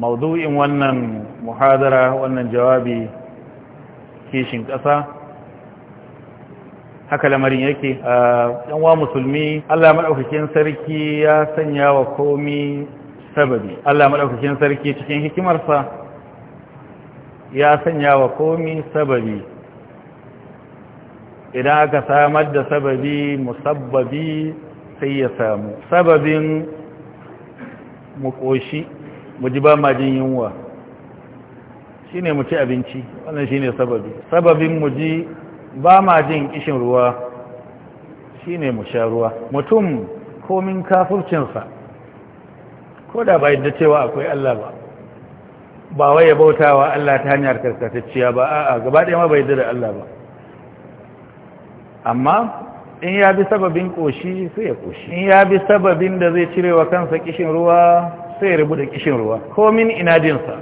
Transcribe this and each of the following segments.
maudu'in wannan muhadara wannan jawabi kishin ƙasa haka lamarin yake a wa musulmi Allah maɗaukakin sarki ya sanya wa komi sababi Allah maɗaukakin sarki cikin hikimarsa ya sanya wa komi sababi idan aka samar da sababi musabbabi sai ya samu sababin ƙoshi. mu ji ba ma jin yunwa shi ne mu ci abinci wannan shi ne sababi sababin mu ji ba ma jin kishin ruwa shi ne mu sha ruwa mutum komin kafurcinsa ko da ba yadda cewa akwai Allah ba ba wai ya bautawa Allah ta hanyar karkatacciya ba a'a gaba ɗaya ma bai da Allah ba amma in ya bi sababin ƙoshi sai ya ƙoshi in ya bi sababin da zai cire wa kansa kishin ruwa sai ya rabu da kishin ruwa komin inadinsa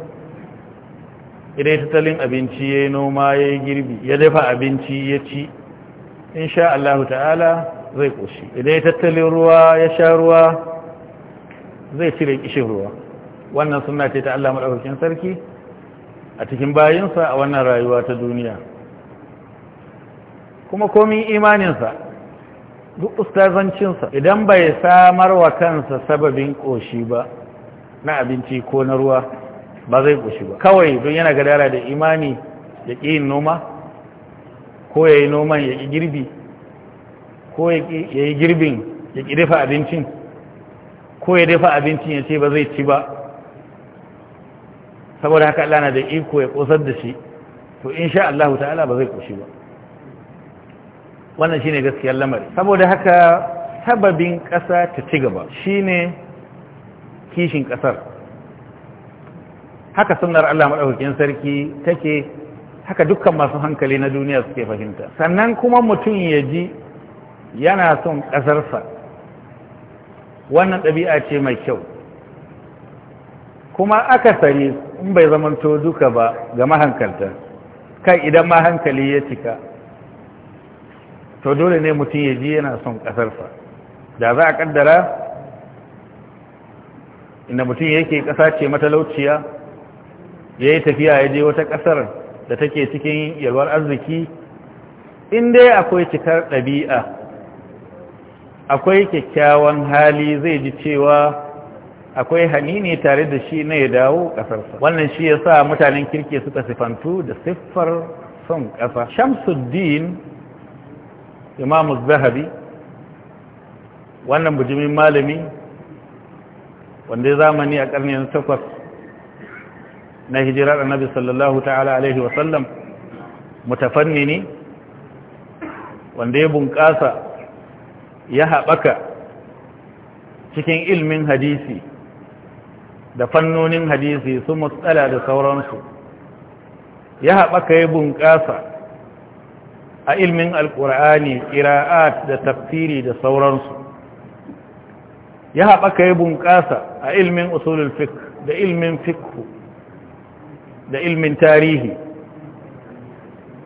idan tattalin abinci ya noma ya girbi ya dafa abinci ya ci insha Allah ta'ala zai ƙoshi idan tattalin ruwa ya sha ruwa zai cire kishin ruwa wannan suna ce ta Allah maɗaukakin sarki a cikin bayinsa a wannan rayuwa ta duniya kuma komin imaninsa duk ustazancinsa idan bai samar wa kansa sababin ƙoshi ba na abinci ko na ruwa ba zai kushi ba kawai don yana gadara da imani ya ƙi yin noma ko ya yi noman ya ƙi girbi ko ya yi girbin ya ƙi dafa abincin ko ya dafa abincin ya ce ba zai ci ba saboda haka Allah na da iko ya ƙosar da shi to sha Allah ta'ala ba zai kushi ba wannan shine gaskiyar lamari saboda haka sababin ƙasa ta ci gaba shine kishin ƙasar haka sunar Allah maɗaukakin sarki take haka dukkan masu hankali na duniya suke fahimta sannan kuma mutum ya ji yana son ƙasarsa wannan ɗabi'a ce mai kyau kuma aka akasari in bai zamanto duka ba ga mahankalta kai idan ma hankali ya cika to dole ne mutum ya ji yana son ƙasarsa da za a ƙaddara inda mutum yake ƙasa ce matalauciya ya yi tafiya ya je wata ƙasar da take cikin yalwar arziki in dai akwai cikar ɗabi'a akwai kyakkyawan hali zai ji cewa akwai hanini tare da shi na ya dawo ƙasarsa wannan shi ya sa mutanen kirki suka sifantu da siffar son ƙasa shamsuddin imamu zahabi wannan bujimin malami wanda ya zamani a ƙarniyar takwas na hijira da nabi sallallahu ta'ala alaihi wasallam mutafanni ne wanda ya bunƙasa ya haɓaka cikin ilmin hadisi da fannonin hadisi su matsala da sauransu ya haɓaka ya bunƙasa a ilmin alƙur'ani ƙira'at da tafsiri da sauransu ya haɓaka ya bunƙasa a ilmin usulul Fik da ilmin fiqh da ilmin tarihi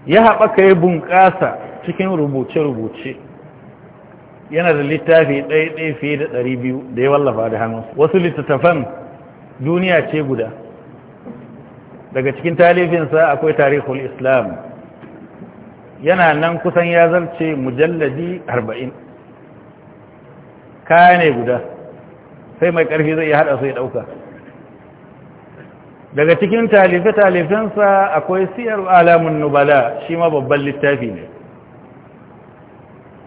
ya haɓaka ya bunƙasa cikin rubuce-rubuce yana da littafi ɗaya fiye da ɗari biyu da ya wallafa da hannun wasu littattafan duniya ce guda daga cikin talifinsa akwai tarihul islam yana nan kusan ya zarce mujalladi arba'in. kaya ne guda sai mai ƙarfi zai iya haɗa sai ɗauka daga cikin talife-talifensa akwai siyar alamun nubala shi ma babban littafi ne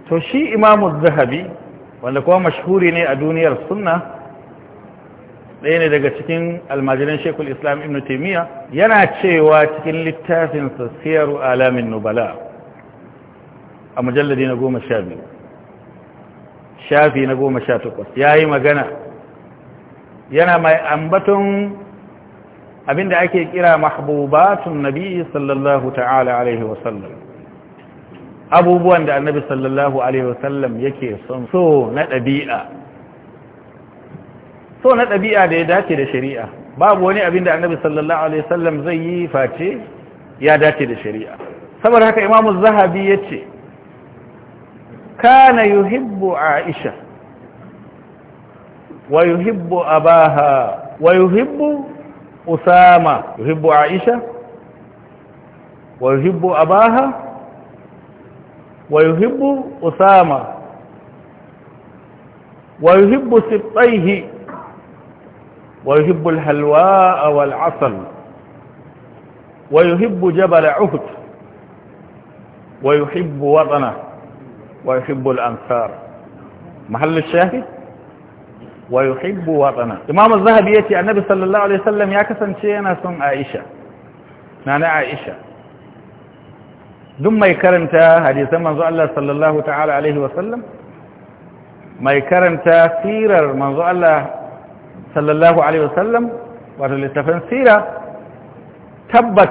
to shi imamu zahabi wanda kuma mashhuri ne a duniyar sunna ɗaya ne daga cikin almajiran shekul islam ibn taimiyya yana cewa cikin littafinsa siyar alamun nubala a mujalladi na goma sha biyu shafi na goma sha takwas ya yi magana yana mai ambaton abinda ake kira mahbubatun nabi sallallahu ta'ala alaihi wasallam abubuwan da annabi sallallahu alaihi wasallam yake son so na ɗabi'a so na ɗabi'a da ya dace da shari'a babu wani abinda annabi sallallahu alaihi wasallam zai yi face ya dace da shari'a saboda haka imamu zahabi ya ce كان يحب عائشة ويحب أباها ويحب أسامة يحب عائشة ويحب أباها ويحب أسامة ويحب سبطيه ويحب الحلواء والعسل ويحب جبل عهد ويحب وطنه ويحب الأنصار محل الشاهد ويحب وطنا إمام الذهبي يتي النبي صلى الله عليه وسلم يا كسن شينا سن عائشة نانا عائشة دم ما يكرمت حديث منذ الله صلى الله تعالى عليه وسلم ما يكرمت سيرر منذ الله صلى الله عليه وسلم wato littafin sira tabbat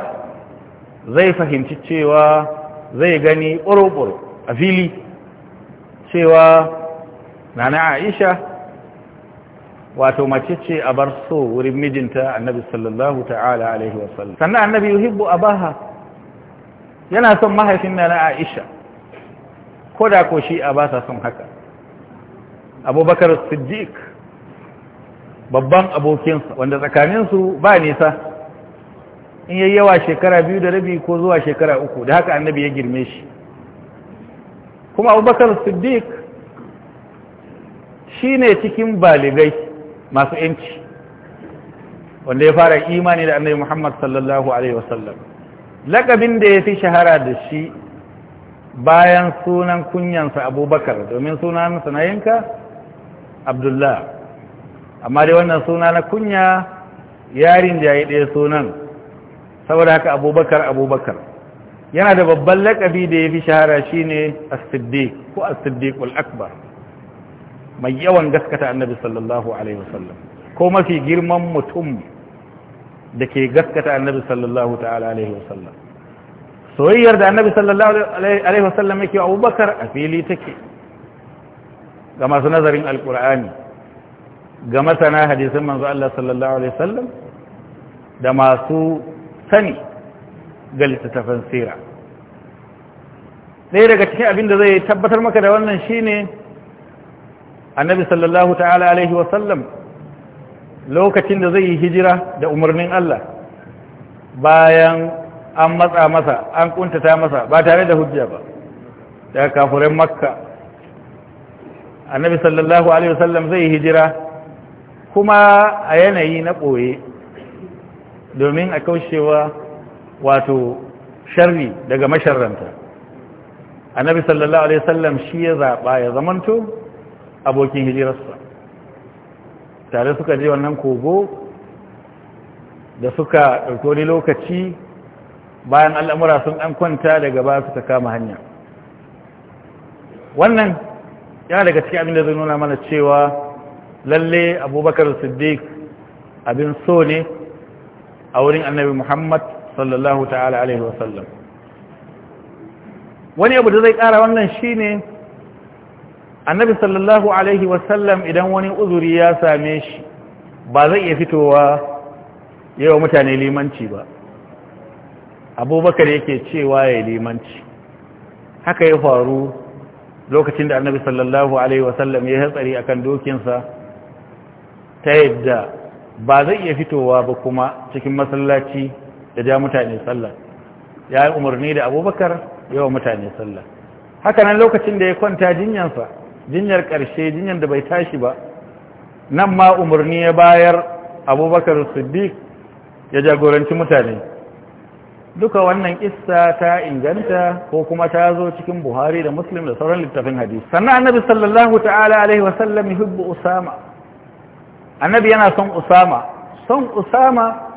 zai fahimci cewa zai gani ɓoro-ɓoro a fili cewa nana aisha wato mace ce a bar so wurin mijinta annabi sallallahu ta'ala alaihi wasallam sannan annabi yuhibbu abaha yana son mahaifin nana aisha ko da ko shi a ba sa son haka abubakar siddiq babban abokinsa wanda tsakaninsu ba nisa in yayyawa yawa shekara biyu da rabi ko zuwa shekara uku da haka annabi ya girme shi kuma abubakar siddiq shi ne cikin baligai masu yanci wanda ya fara imani da annabi muhammad sallallahu alaihi wasallam lakabin da ya fi shahara da shi bayan sunan kunyansa abubakar domin sunansa na abdullah amma dai wannan suna na kunya yarin da ya yi ɗaya sunan saboda haka abubakar abubakar yana da babban lakabi da ya fi shahara shine as-siddiq ko as-siddiq al-akbar mai yawan gaskata annabi sallallahu alaihi wasallam ko mafi girman mutum da ke gaskata annabi sallallahu ta'ala alaihi wasallam soyayyar da annabi sallallahu alaihi wasallam yake abubakar a fili take ga masu nazarin alkur'ani ga masana hadisin manzo Allah sallallahu alaihi wasallam da masu sani ga littattafan sira ɗaya daga cikin abin da zai tabbatar maka da wannan shine annabi sallallahu ta'ala alaihi wasallam lokacin da zai yi hijira da umarnin Allah bayan an matsa masa an kuntata masa ba tare da hujja ba daga kafurin makka annabi sallallahu alaihi wasallam zai yi hijira kuma a yanayi na ɓoye domin a kaushewa wato sharri daga masharranta annabi sallallahu alaihi wasallam shi ya zaba ya zamanto abokin hijirarsa tare suka je wannan kogo da suka ɗauki wani lokaci bayan al'amura sun an kwanta daga ba suka kama hanya wannan yana daga cikin abin da zai nuna mana cewa lalle abubakar siddiq abin so ne a wurin annabi muhammad sallallahu ta'ala alaihi wasallam wani abu da zai kara wannan shine annabi sallallahu alaihi wasallam idan wani uzuri ya same shi ba zai iya fitowa yawa mutane limanci ba abubakar yake cewa ya limanci haka ya faru lokacin da annabi sallallahu alaihi wasallam ya hatsari a kan dokinsa ta yadda ba zai iya fitowa ba kuma cikin masallaci ya ja mutane sallah ya yi umarni da abubakar wa mutane sallah haka lokacin da ya kwanta jinyansa jinyar ƙarshe jinyar da bai tashi ba nan ma umarni ya bayar abubakar siddiq ya jagoranci mutane duka wannan kissa ta inganta ko kuma ta zo cikin buhari da muslim da sauran littafin hadisi sannan annabi sallallahu ta'ala alaihi wasallam yuhibbu usama annabi yana son usama son usama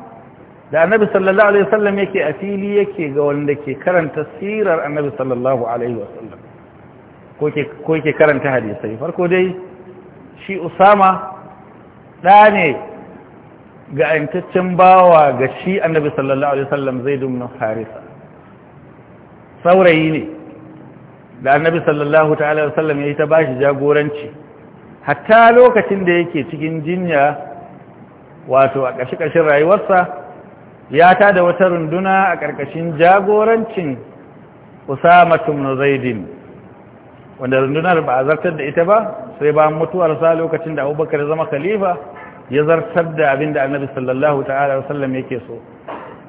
da annabi sallallahu alaihi wasallam yake a fili yake ga wanda ke karanta sirar annabi sallallahu alaihi wasallam ko yake karanta hadisai farko dai shi usama ɗa ne ga yantaccen bawa ga shi annabi sallallahu alaihi wasallam zai dumna harisa saurayi ne da annabi sallallahu ta'ala wasallam ya yi ta bashi jagoranci hatta lokacin da yake cikin jinya wato a ƙashi-ƙashin rayuwarsa ya ta da wata runduna a ƙarƙashin jagorancin usama tumno zaidin wanda rundunar ba a zartar da ita ba sai ba mutuwarsa lokacin da abubakar zama khalifa ya zartar da abin da annabi sallallahu ta'ala wasallam yake so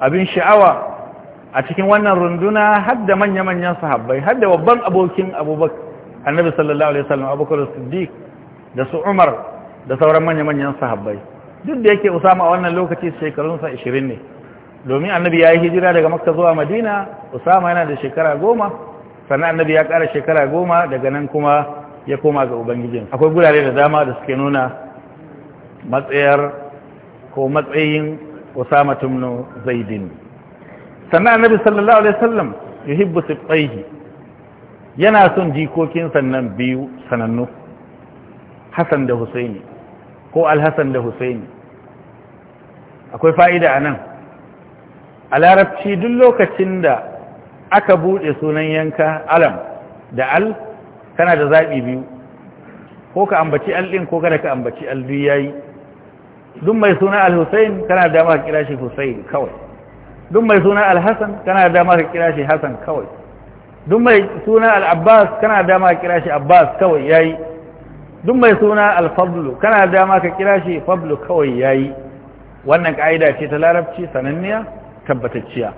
abin sha'awa a cikin wannan runduna har da manya-manyan sahabbai har da babban abokin abubakar annabi sallallahu alaihi wasallam abubakar siddiq da su umar da sauran manya-manyan sahabbai duk da yake usama a wannan lokaci shekarunsa 20 ne domin annabi ya yi hijira daga makka zuwa madina usama yana da shekara goma sannan annabi ya ƙara shekara goma daga nan kuma ya koma ga ubangijin akwai gurare da dama da suke nuna matsayar ko matsayin usama tumno zaidin sannan annabi sallallahu alaihi wasallam yuhibbu sibtaihi yana son jikokin sannan biyu sanannu Hassan da Husaini ko Al-Hassan da Husaini akwai fa'ida a nan a larabci duk lokacin da aka buɗe sunan yanka alam da al kana da zaɓi biyu ko ka ambaci al ɗin ko kada ka ambaci al biyu yayi duk mai suna al-hussein kana da dama ka kira shi hussein kawai duk mai suna al-hassan kana da dama ka kira shi hassan kawai duk mai suna al-abbas kana da dama ka kira shi abbas kawai yayi duk mai suna al-fadlu kana da dama ka kira shi fadlu kawai yayi wannan ka'ida ce ta larabci sananniya tabbatacciya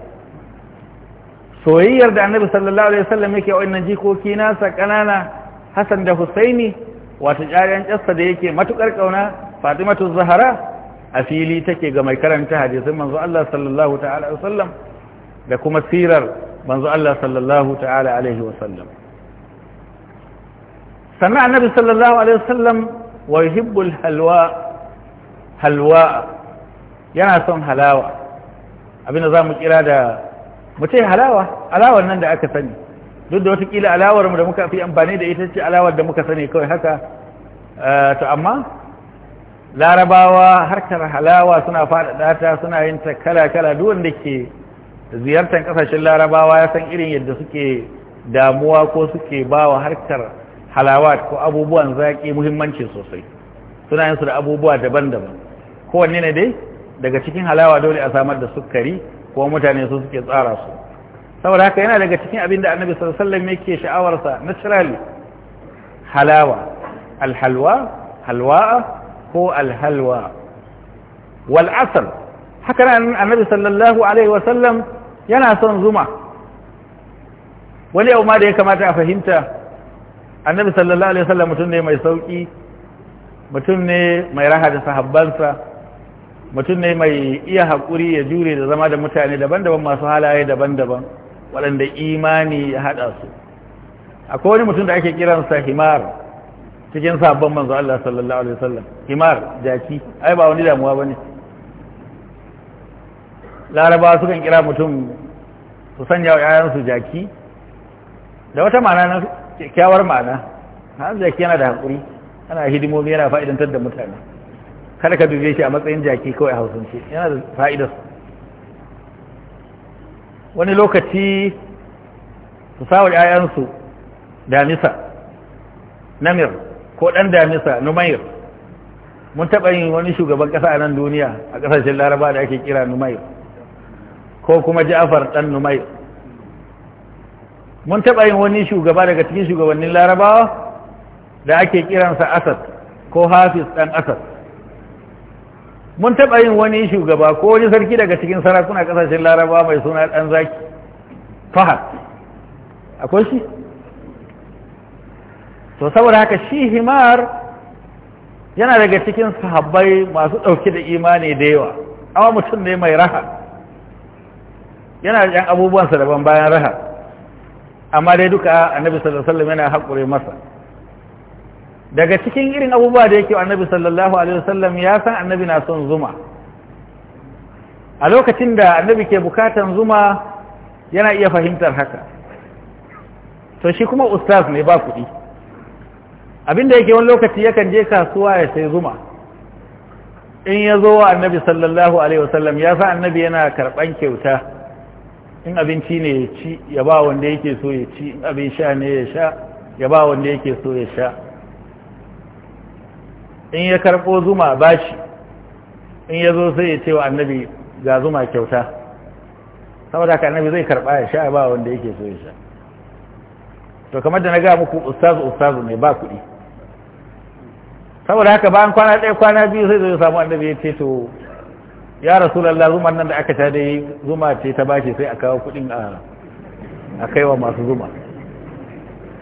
soyayyar da annabi sallallahu alaihi wasallam yake wa'annan jikoki nasa kanana hasan da Husaini wato jaran ƙasa da yake matukar kauna Fatimatu zahara a fili take ga mai karanta hadisin manzo Allah sallallahu ta'ala alaihi wasallam da kuma sirar manzo Allah sallallahu ta'ala alaihi wasallam sannan annabi sallallahu alaihi wasallam wa yuhibbul halwa halwa yana son halawa abinda za mu kira da mu ce halawa alawar nan da aka sani duk da watakila alawar mu da muka fi amfani da ita ce alawar da muka sani kawai haka eh, to amma larabawa harkar halawa suna faɗaɗa ta suna yin ta kala-kala duk wanda ke ziyartar ƙasashen larabawa ya san irin yadda suke damuwa ko suke ba wa harkar halawa ko abubuwan zaƙi muhimmanci sosai suna yin su da abubuwa daban-daban kowanne ne dai daga cikin halawa dole a samar da sukari kuma mutane su suke tsara su saboda haka yana daga cikin abin da annabi sallallahu alaihi wasallam yake sha'awarsa naturally halawa alhalwa halwa ko alhalwa wal asr haka nan annabi sallallahu alaihi wasallam yana son zuma wani abu ma da ya kamata a fahimta annabi sallallahu alaihi wasallam mutum ne mai sauki mutum ne mai raha da sahabbansa mutum ne mai iya haƙuri ya jure da zama da mutane daban-daban masu halaye daban-daban waɗanda imani ya haɗa su akwai wani mutum da ake kiransa himar cikin sabon manzo Allah sallallahu alaihi wasallam himar jaki ai ba wani damuwa bane laraba sukan kira mutum su sanya wa su jaki da wata ma'ana na kyakkyawar ma'ana har jaki yana da haƙuri ana hidimomi yana fa'idantar da mutane kada ka dube shi a matsayin jaki kawai a hausance yana da fa'idar wani lokaci su sawa ‘ya'yansu damisa namir ko ɗan damisa numayir mun taɓa yin wani shugaban ƙasa a nan duniya a ƙasashen laraba da ake kira numayir ko kuma ja'afar ɗan numayir mun taɓa yin wani shugaba daga cikin shugabannin larabawa da ake kiransa asad ko hafiz ɗan asad mun taɓa yin wani shugaba ko wani sarki daga cikin sarakuna kasashen laraba mai suna ɗan zaki fahad akwai shi to saboda haka shi himar yana daga cikin sahabbai masu ɗauki da imani da yawa amma mutum ne mai raha yana da yan abubuwansa daban bayan raha amma dai duka annabi sallallahu alaihi wasallam yana haƙure masa daga cikin irin abubuwa da yake annabi sallallahu alaihi wasallam ya san annabi na son zuma a lokacin da annabi ke bukatan zuma yana iya fahimtar haka to shi kuma ustaz ne ba kuɗi abinda yake wani lokaci yakan je kasuwa ya sai zuma in ya zo wa annabi sallallahu alaihi wasallam ya san annabi yana karɓan kyauta in abinci ne ya ci ya ba wanda yake so ya ci in abin sha ne ya sha ya ba wanda yake so ya sha in ya karɓo zuma bashi in ya zo sai ya ce wa annabi ga zuma kyauta saboda haka annabi zai karɓa ya sha ba wanda yake so ya sha to kamar da na ga muku ustazu ustazu ne ba kuɗi saboda haka bayan kwana ɗaya kwana biyu sai zai samu annabi ya ce to ya rasulallah zuma nan da aka ta dai zuma ce ta shi sai a kawo kuɗin a kaiwa masu zuma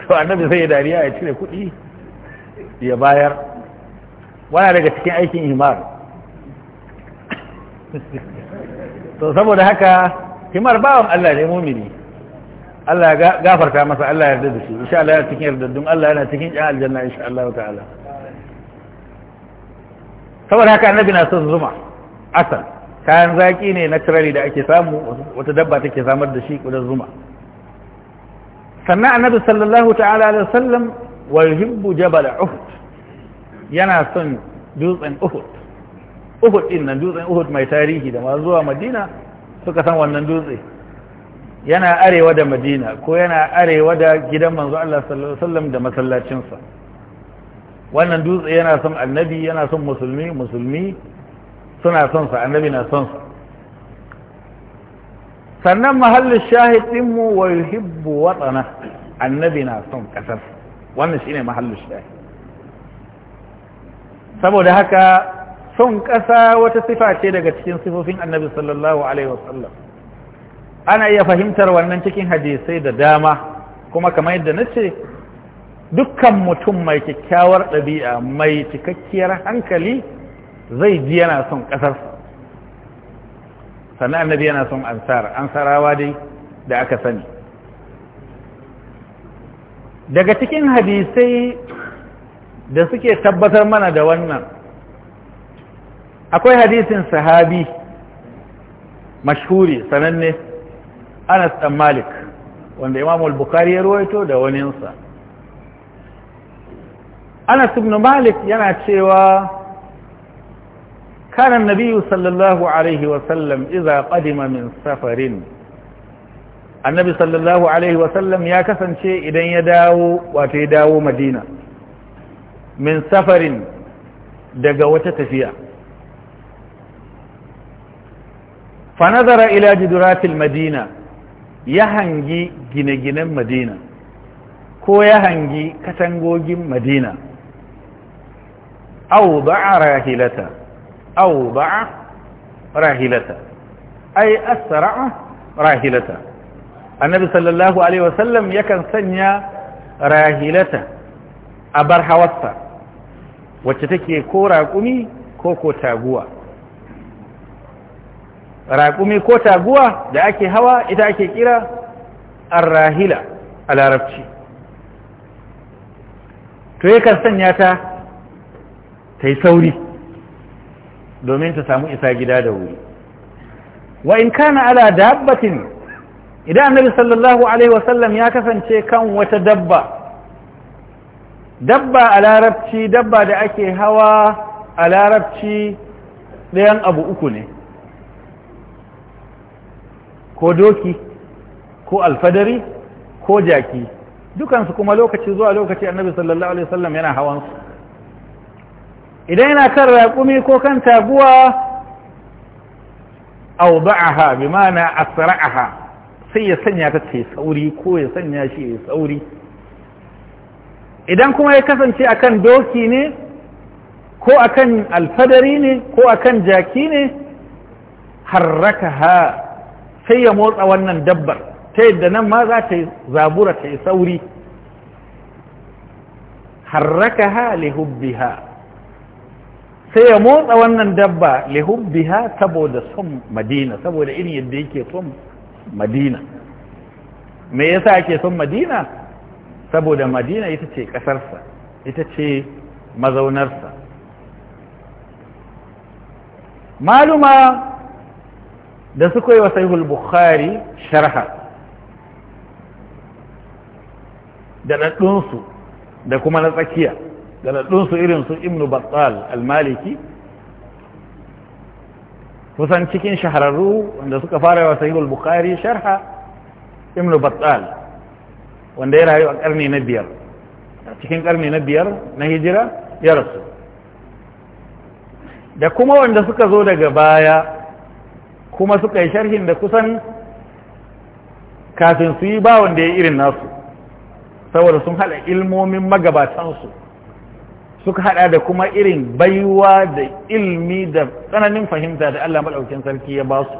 to annabi sai ya dariya ya cire kuɗi ya bayar wana daga cikin aikin himar to saboda haka himar bawan Allah ne mumini Allah gafarta masa Allah ya yarda da shi insha Allah yana cikin yardaddun Allah yana cikin ƴan aljanna insha Allah ta'ala saboda haka annabi na son zuma asal kayan zaki ne naturally da ake samu wata dabba take samar da shi kudan zuma sannan annabi sallallahu ta'ala alaihi wasallam wa yuhibbu jabal uhud yana son dutsen uhud uhud din nan dutsen uhud mai tarihi da masu zuwa madina suka san wannan dutse yana arewa da madina ko yana arewa da gidan manzo Allah sallallahu alaihi wasallam da masallacinsa wannan dutse yana son annabi yana son musulmi musulmi suna son sa annabi na son sa sannan mahallin shahid dinmu wa yuhibbu watana annabi na son kasar wannan shine mahallin shahid saboda haka son ƙasa wata sifa ce daga cikin sifofin annabi sallallahu alaihi wasallam ana iya fahimtar wannan cikin hadisai da dama kuma kamar yadda na ce dukkan mutum mai kyakkyawar ɗabi'a mai cikakkiyar hankali zai ji yana son ƙasarsa sannan annabi yana son ansar ansarawa dai da aka sani daga cikin hadisai da suke tabbatar mana da wannan akwai hadisin sahabi mashhuri sananne anas dan malik wanda imam al-bukhari ya ruwaito da waninsa anas ibn malik yana cewa كان النبي صلى الله عليه وسلم إذا قدم من سفر النبي صلى الله عليه وسلم يا كسن شيء إذن ya dawo Madina. min safarin daga wata tafiya fanazara ila jiduratil madina ya hangi gine-ginen madina ko ya hangi katangogin madina au ba'a rahilata au ba'a rahilata ai asra'a rahilata annabi sallallahu alaihi wasallam yakan sanya rahilata a bar hawarsa wacce take ko raƙumi ko ko taguwa raƙumi ko taguwa da ake hawa ita ake kira arrahila a larabci to kan sanya ta ta yi sauri domin ta samu isa gida da wuri wa in kana ala dabbatin idan annabi sallallahu alaihi wasallam ya kasance kan wata dabba dabba a larabci dabba da ake hawa a larabci ɗayan abu uku ne ko doki ko alfadari ko jaki dukansu kuma lokaci zuwa lokaci annabi sallallahu alaihi wasallam yana hawansu idan yana kan raƙumi ko kan taguwa au ba'aha bi ma'ana asra'aha sai ya sanya ta ce sauri ko ya sanya shi ya sauri idan kuma ya kasance akan doki ne ko kan alfadari ne ko kan jaki ne harraka ha sai ya motsa wannan dabbar ta yadda nan ma za ta yi zabura ta yi sauri harraka ha ha sai ya motsa wannan dabba ha saboda son madina saboda irin yadda yake son madina me yasa ake son madina saboda madina ita ce ƙasarsa ita ce mazaunarsa maluma da suka yi wa sahihul bukhari sharha da ɗaɗɗunsu da kuma na tsakiya da ɗaɗɗunsu irinsu Ibn battal al-maliki kusan cikin shahararru wanda suka fara wa sahihul bukhari sharha ibnu battal wanda ya rayu a ƙarni na biyar cikin karni na biyar na hijira ya rasu da kuma wanda suka zo daga baya kuma suka yi sharhin da kusan kafin su yi ba wanda ya irin nasu saboda sun haɗa ilmomin magabatansu suka haɗa da kuma irin baiwa da ilmi da tsananin fahimta da Allah maɗaukin sarki ya ba su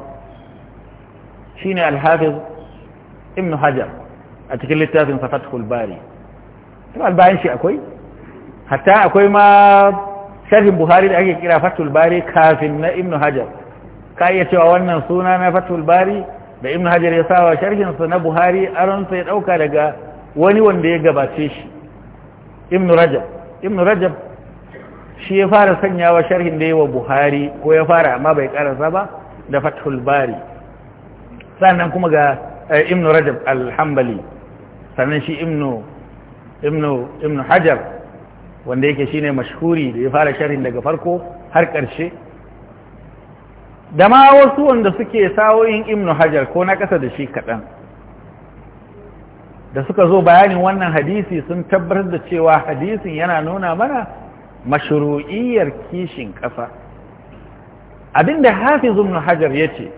shine alhafiz ibn hajar a cikin littafin fathul bari kuma bayan shi akwai hatta akwai ma sharhin buhari da ake kira fathul bari kafin na ibnu hajar ka iya cewa wannan suna na fathul bari da ibnu hajar ya sawa sharhinsa na buhari aronsa ya dauka daga wani wanda ya gabace shi ibnu rajab ibnu rajab shi ya fara sanyawa sharhin da yawa buhari ko ya fara amma bai karasa ba da fathul bari sannan kuma ga eh, ibnu rajab alhambali. hanbali sannan shi imnu hajar wanda yake shine mashhuri da ya fara sharhin daga farko har ƙarshe da ma wasu wanda suke sawoyin imnu hajar ko na ƙasa da shi kaɗan da suka zo bayanin wannan hadisi sun tabbatar da cewa hadisin yana nuna mana mashru'iyyar kishin ƙasa abinda hafiz ibn hajar ya ce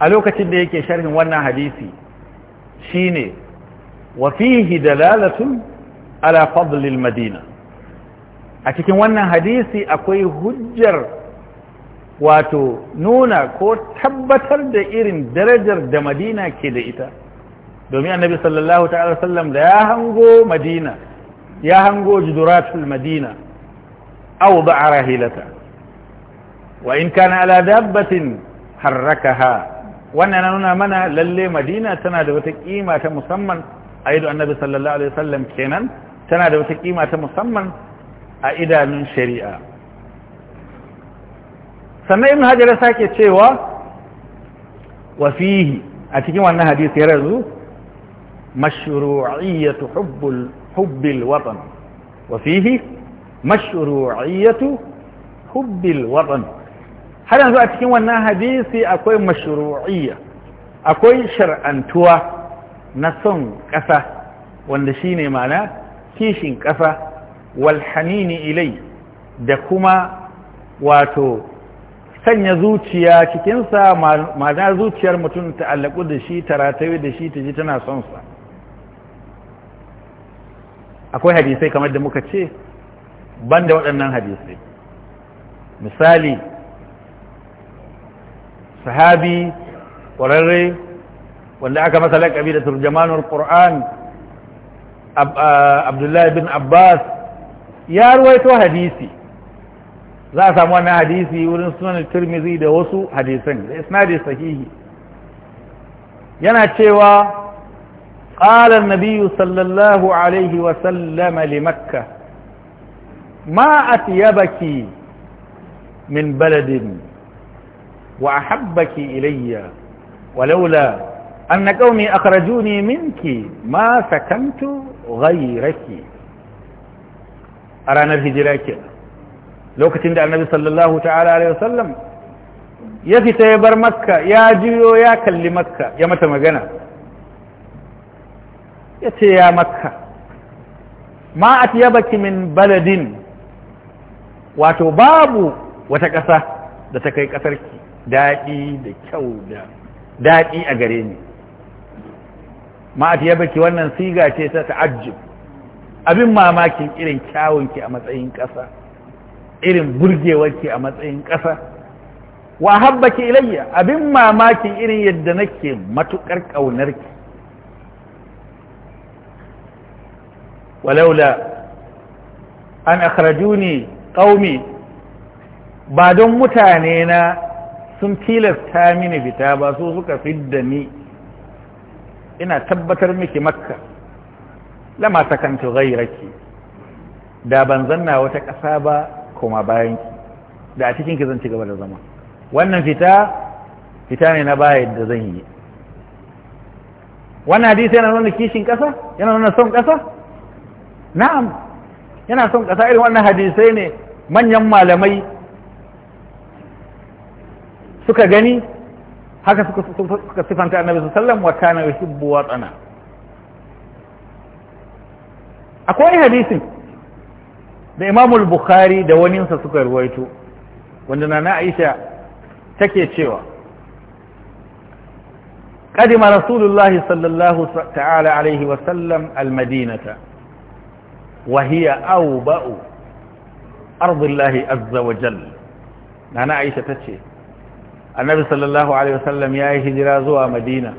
a lokacin da yake sharhin wannan hadisi shine وفيه دلالة على فضل المدينة أتكين وانا حديثي أكوي هجر واتو نونا كو تبتر دا إيرين درجر دا مدينة كده إتا دومي النبي صلى الله تعالى وسلم لا هنغو مدينة يا هنغو جدرات المدينة أوضع راهلته وإن كان على دابة حركها وانا نونا منا للي مدينة تنا دوتك إيمة مسمى aidu annabi sallallahu alaihi wasallam kenan tana da wata kima ta musamman a idanun shari'a sannan ibn hajar ya sake cewa wa fihi a cikin wannan hadisi ya razu mashru'iyyatu hubbul hubbil watan wa fihi mashru'iyyatu hubbil watan har yanzu a cikin wannan hadisi akwai mashru'iyya akwai shar'antuwa na son ƙasa wanda shi ne mana kishin ƙasa walhanini ilai da kuma wato sanya zuciya cikinsa ma'ana zuciyar mutum ta allaku da shi ta da shi ta ji tana sonsa. akwai hadisai kamar da muka ce banda waɗannan hadisai misali sahabi ƙwararre wanda aka masa laƙabi da turjamanul qur'an abdullahi bin abbas ya ruwaito hadisi za a samu wannan hadisi wurin sunan tirmizi da wasu hadisan da isnadi sahihi yana cewa قال النبي صلى الله عليه وسلم لمكة ما wa من بلد وأحبك إلي ولولا أن قومي أخرجوني منك ما سكنت غيرك A ranar كده لو كتند النبي صلى الله تعالى عليه وسلم ya fita ya bar makka ya juyo ya kalli makka ya mata magana ya ce ya makka ma a baki min baladin wato babu wata ƙasa da ta kai ƙasar ki daɗi da kyau da daɗi a gare ni ma'at baki wannan siga ce ta ta'ajjub abin mamakin irin kyawunki a matsayin ƙasa irin burgewarki a matsayin ƙasa wa habbaki ilayya abin mamakin irin yadda nake matukar ƙaunarki walaula an akhrajuni qaumi ba don mutane na sun tilasta mini fita ba su suka fidda ni ina tabbatar miki makka lama sakantu ghairaki da ban zanna wata ƙasa ba kuma bayan ki da a cikin ki zan ci gaba da zama wannan fita fita ne na baya da zan yi wannan hadisi yana nuna kishin ƙasa yana nuna son ƙasa na'am yana son ƙasa irin wannan hadisai ne manyan malamai suka gani haka suka suka sifanta annabi sallallahu alaihi wasallam wa kana yuhibbu watana akwai hadisin da Imam al-Bukhari da sa suka ruwaito wanda na Aisha take cewa قدم رسول الله صلى الله تعالى عليه وسلم المدينة وهي أوبأ أرض الله عز وجل أنا عائشة تشي annabi sallallahu alaihi wasallam ya yi hijira zuwa madina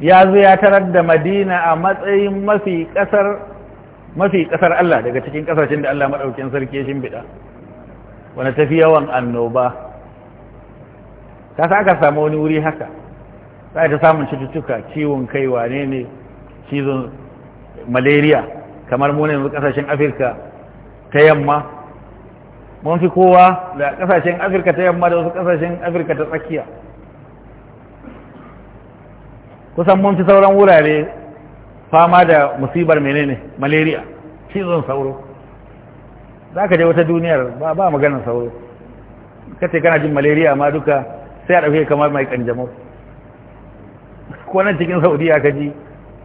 ya zo ya tarar da madina a matsayin mafi kasar mafi kasar Allah daga cikin kasashen da Allah maɗaukin sarki ya shimbiɗa wani tafi yawan annoba ta sa aka samu wani wuri haka za ta samun cututtuka ciwon kai wane ne cizon malaria kamar mu ne kasashen afirka ta yamma mun fi kowa da kasashen afirka ta yamma da wasu kasashen afirka ta tsakiya kusan mun fi sauran wurare fama da musibar menene malaria cizon sauro za ka je wata duniyar ba ba maganin sauro kace kana jin malaria ma duka sai a ɗauke kamar mai kanjamau ko nan cikin saudiya ka ji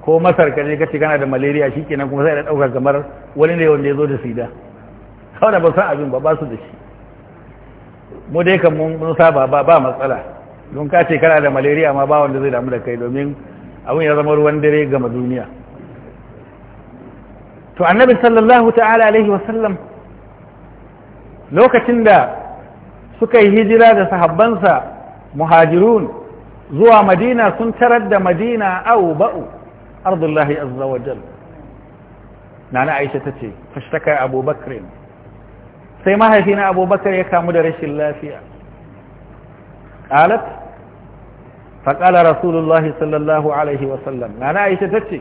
ko masar ka je kace kana da malaria shikenan kuma sai a ɗauka kamar wani ne wanda ya zo da sida wanda ba san abin ba ba su da shi mu dai kan mun saba ba ba matsala don ka ce kana da malaria ma ba wanda zai damu da kai domin abin ya zama ruwan dare gama duniya to annabi sallallahu ta'ala alaihi wasallam lokacin da suka yi hijira da sahabbansa muhajirun zuwa madina sun tarar da madina au ba'u ardullahi azza wa jal na na aisha ta ce fashtaka abubakar sai mahaifina abubakar ya kamu da rashin lafiya qalat faƙala rasulullahi sallallahu alaihi wasallam na aisha ta ce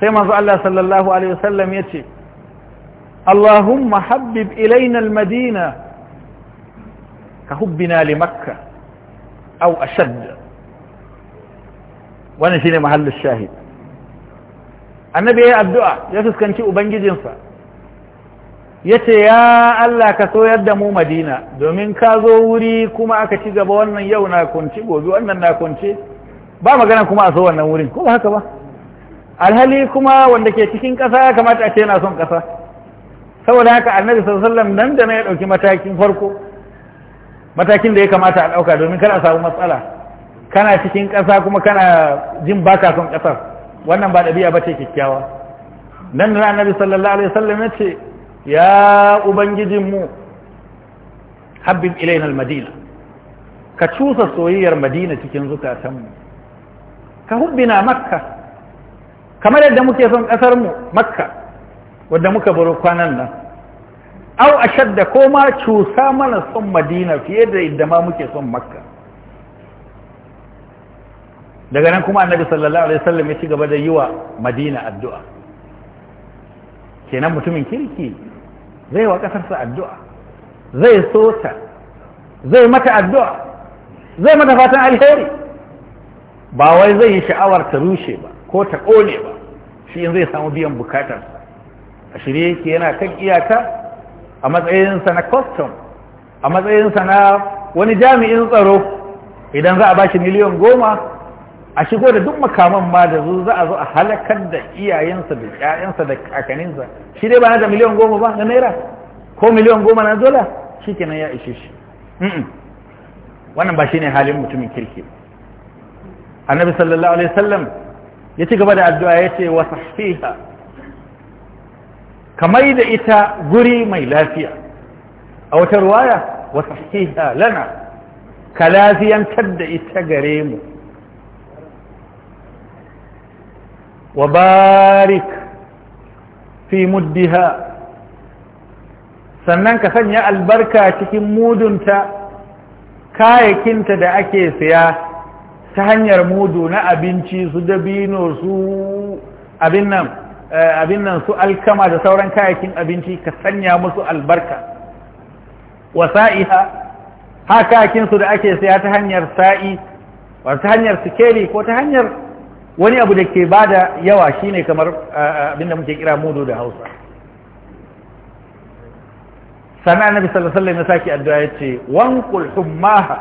sai manzo Allah sallallahu alaihi wasallam ya ce Allahumma Habib, ilaina almadina ka hubbina li makka aw ashad wannan shine mahallin shahid annabi ya yi addu'a ya fuskanci ubangijinsa ya ce ya Allah ka so da mu madina domin ka zo wuri kuma aka ci gaba wannan yau na kunci gobe wannan na kunci ba magana kuma a so wannan wurin ko ba haka ba alhali kuma wanda ke cikin ƙasa ya kamata a ce yana son ƙasa saboda haka annabi sallallahu alaihi nan da na ya ɗauki matakin farko matakin da ya kamata a ɗauka domin a samu matsala kana cikin ƙasa kuma kana jin baka son ƙasar wannan ba dabi'a ba ce kyakkyawa nan da annabi sallallahu alaihi wasallam ya ce ya ubangijinmu habib ilainal madina ka cusa soyayyar madina cikin zukatanmu ka hubbina makka kamar yadda muke son ƙasarmu makka wadda muka baro kwanan nan au ashadda ko ma cusa mana son madina fiye da yadda ma muke son makka daga nan kuma annabi sallallahu alaihi wasallam ya ci gaba da yi wa madina addu'a kenan mutumin kirki zai wa ƙasarsa addu'a zai so ta zai mata addu'a zai mata fatan alheri ba wai zai yi sha'awar ta rushe ba ko ta ƙone ba shi in zai samu biyan bukatar a shirye yake yana kan iyaka a matsayinsa na custom a matsayinsa na wani jami'in tsaro idan za a ba shi miliyan goma a shigo da duk makaman ma da zo za a zo a halakar da iyayensa da ƴaƴansa da kakaninsa shi dai ba na da miliyan goma ba na naira ko miliyan goma na dola shi kenan ya ishe shi wannan ba shi ne halin mutumin kirki annabi sallallahu alaihi wasallam ya ci gaba da addu'a ya ce wa sahfiha kamar da ita guri mai lafiya a wata ruwaya wa sahfiha lana ka lafiyantar da ita gare mu وبارك في مدها sannan ka sanya albarka cikin mudunta kayakinta da ake siya ta hanyar mudu na abinci su dabino su abin nan abin nan su alkama da sauran kayakin abinci ka sanya musu albarka wasa'iha haka ha su da ake siya ta hanyar sa'i ta hanyar sikeli ko ta hanyar wani abu da ke ba da yawa shine kamar abinda muke kira mudu da hausa sannan na sallallahu alaihi wasallam ya saki addu'a yace wanqul hummaha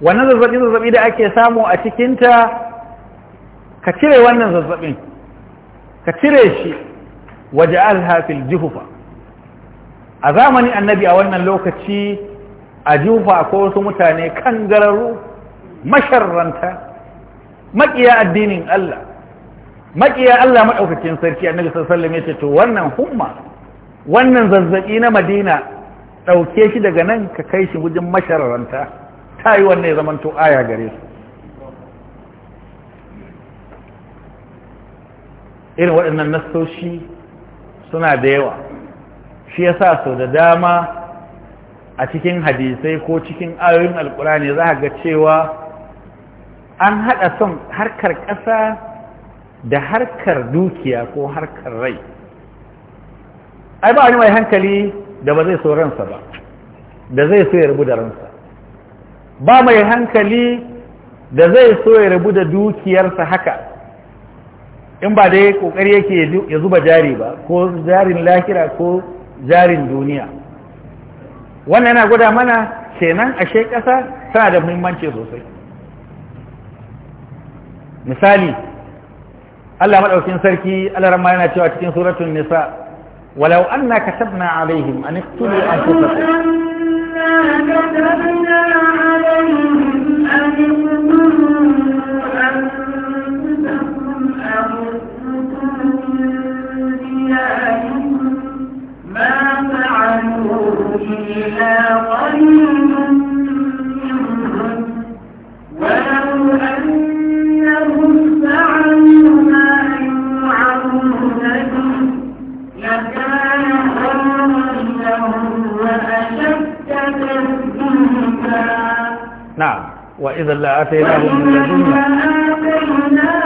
wannan zazzabi zazzabi da ake samu a cikin ta ka cire wannan zazzabin ka cire shi waje fil juhfa a zamanin annabi a wannan lokaci a jufa ko wasu mutane kangararru masharranta makiya addinin Allah makiya Allah maɗaukakin sarki a sallallahu alaihi ya ce to wannan humma wannan zazzaki na Madina ɗauke shi daga nan ka kai shi wajen mashararanta Ta yi wannan ya zamanto aya gare su irin waɗannan nasoshi suna da yawa shi ya sa sau da dama a cikin hadisai ko cikin ayoyin alkurani za ga cewa an haɗa son harkar ƙasa da harkar dukiya ko harkar rai ai ba wani mai hankali da ba zai so ransa ba da zai so ya rabu da ransa ba mai hankali da zai so ya rabu da dukiyarsa haka in ba dai kokari yake ya zuba jari ba ko jarin lahira ko jarin duniya wannan yana gwada mana kenan ashe ƙasa tana da muhimmanci sosai misali Allah madaukin sarki Allah ramma yana cewa cikin suratul nisa walau anna katabna alaihim an iqtulu anfusakum ما نعم وإذا لآتيناهم من لدنا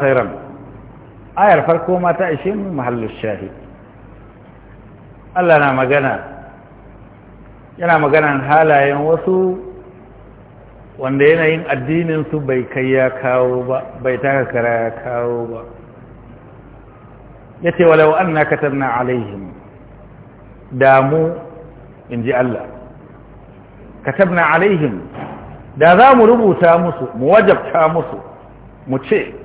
khairan ayar farko ma ta ishe mu mahallu shahid Allah na magana yana maganan halayen wasu wanda yanayin addininsu bai kai ya kawo ba bai taka kara ya kawo ba ya ce walau an na katabna alaihim damu in ji Allah katabna alaihim da za mu rubuta musu mu wajabta musu mu ce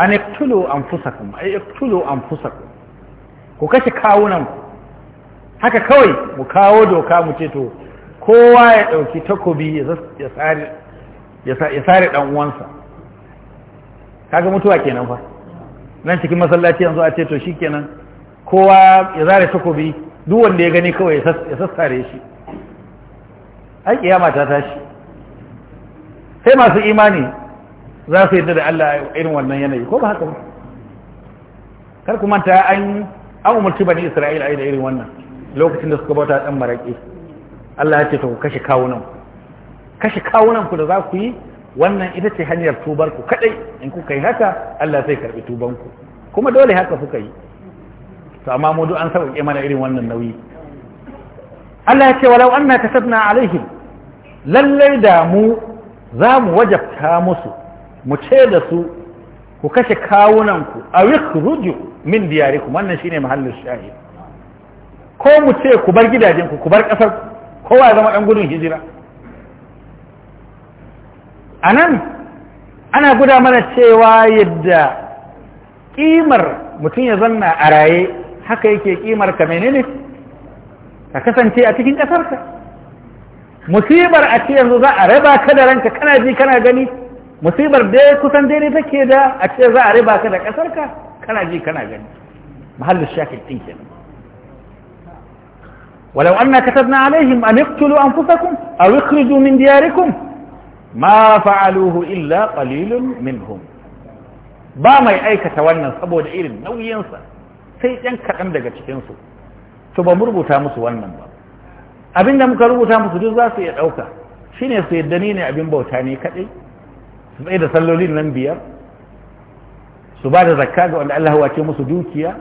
an iktulu anfusakum ay iktulu anfusakum ku kashe kawunan ku haka kawai mu kawo doka mu ce to kowa ya dauki takobi ya sare ya dan uwansa kaga mutuwa kenan fa nan cikin masallaci yanzu a ce to shikenan kowa ya zare takobi duk wanda ya gani kawai ya sassare shi ai kiyama ta tashi sai masu imani za su yadda da Allah irin wannan yanayi ko ba haka ba kar kuma ta an an umarci bani Isra'ila ai da irin wannan lokacin da suka bauta dan maraƙi. Allah ya ce to ku kashe kawunan kashe kawunan ku da za ku yi wannan ita ce hanyar tubar ku kadai in kuka yi haka Allah zai karɓi tuban ku kuma dole haka kuka yi to amma mu duk an sauke mana irin wannan nauyi Allah ya ce walau anna kasabna alaihim lallai da mu za mu wajabta musu mu ce da su ku kashe kawunanku a ruju min diyarikum wannan shine mahallin shahi ko mu ce ku bar gidajenku ku bar ƙasar kowa ya zama ɗan gudun hijira a nan ana guda mana cewa yadda ƙimar mutum ya zanna a raye haka yake ƙimar ka menene ka kasance a cikin ƙasarka musibar a ce yanzu za a raba ka da ranka kana ji kana gani musibar dai kusan daidai take da a ce za a riba ka da ƙasarka kana ji kana gani mahallin shakin ɗin kenan ولو أن كتبنا عليهم أن اقتلوا أنفسكم أو اخرجوا من دياركم ما فعلوه إلا قليل منهم ba mai aikata wannan saboda irin nauyinsa sai ɗan kaɗan daga cikinsu to ba mu rubuta musu wannan ba abinda muka rubuta musu duk zasu iya ɗauka shine su yadda ne abin bauta ne kaɗai su da sallolin nan biyar su ba da zakka ga wanda Allah wace musu dukiya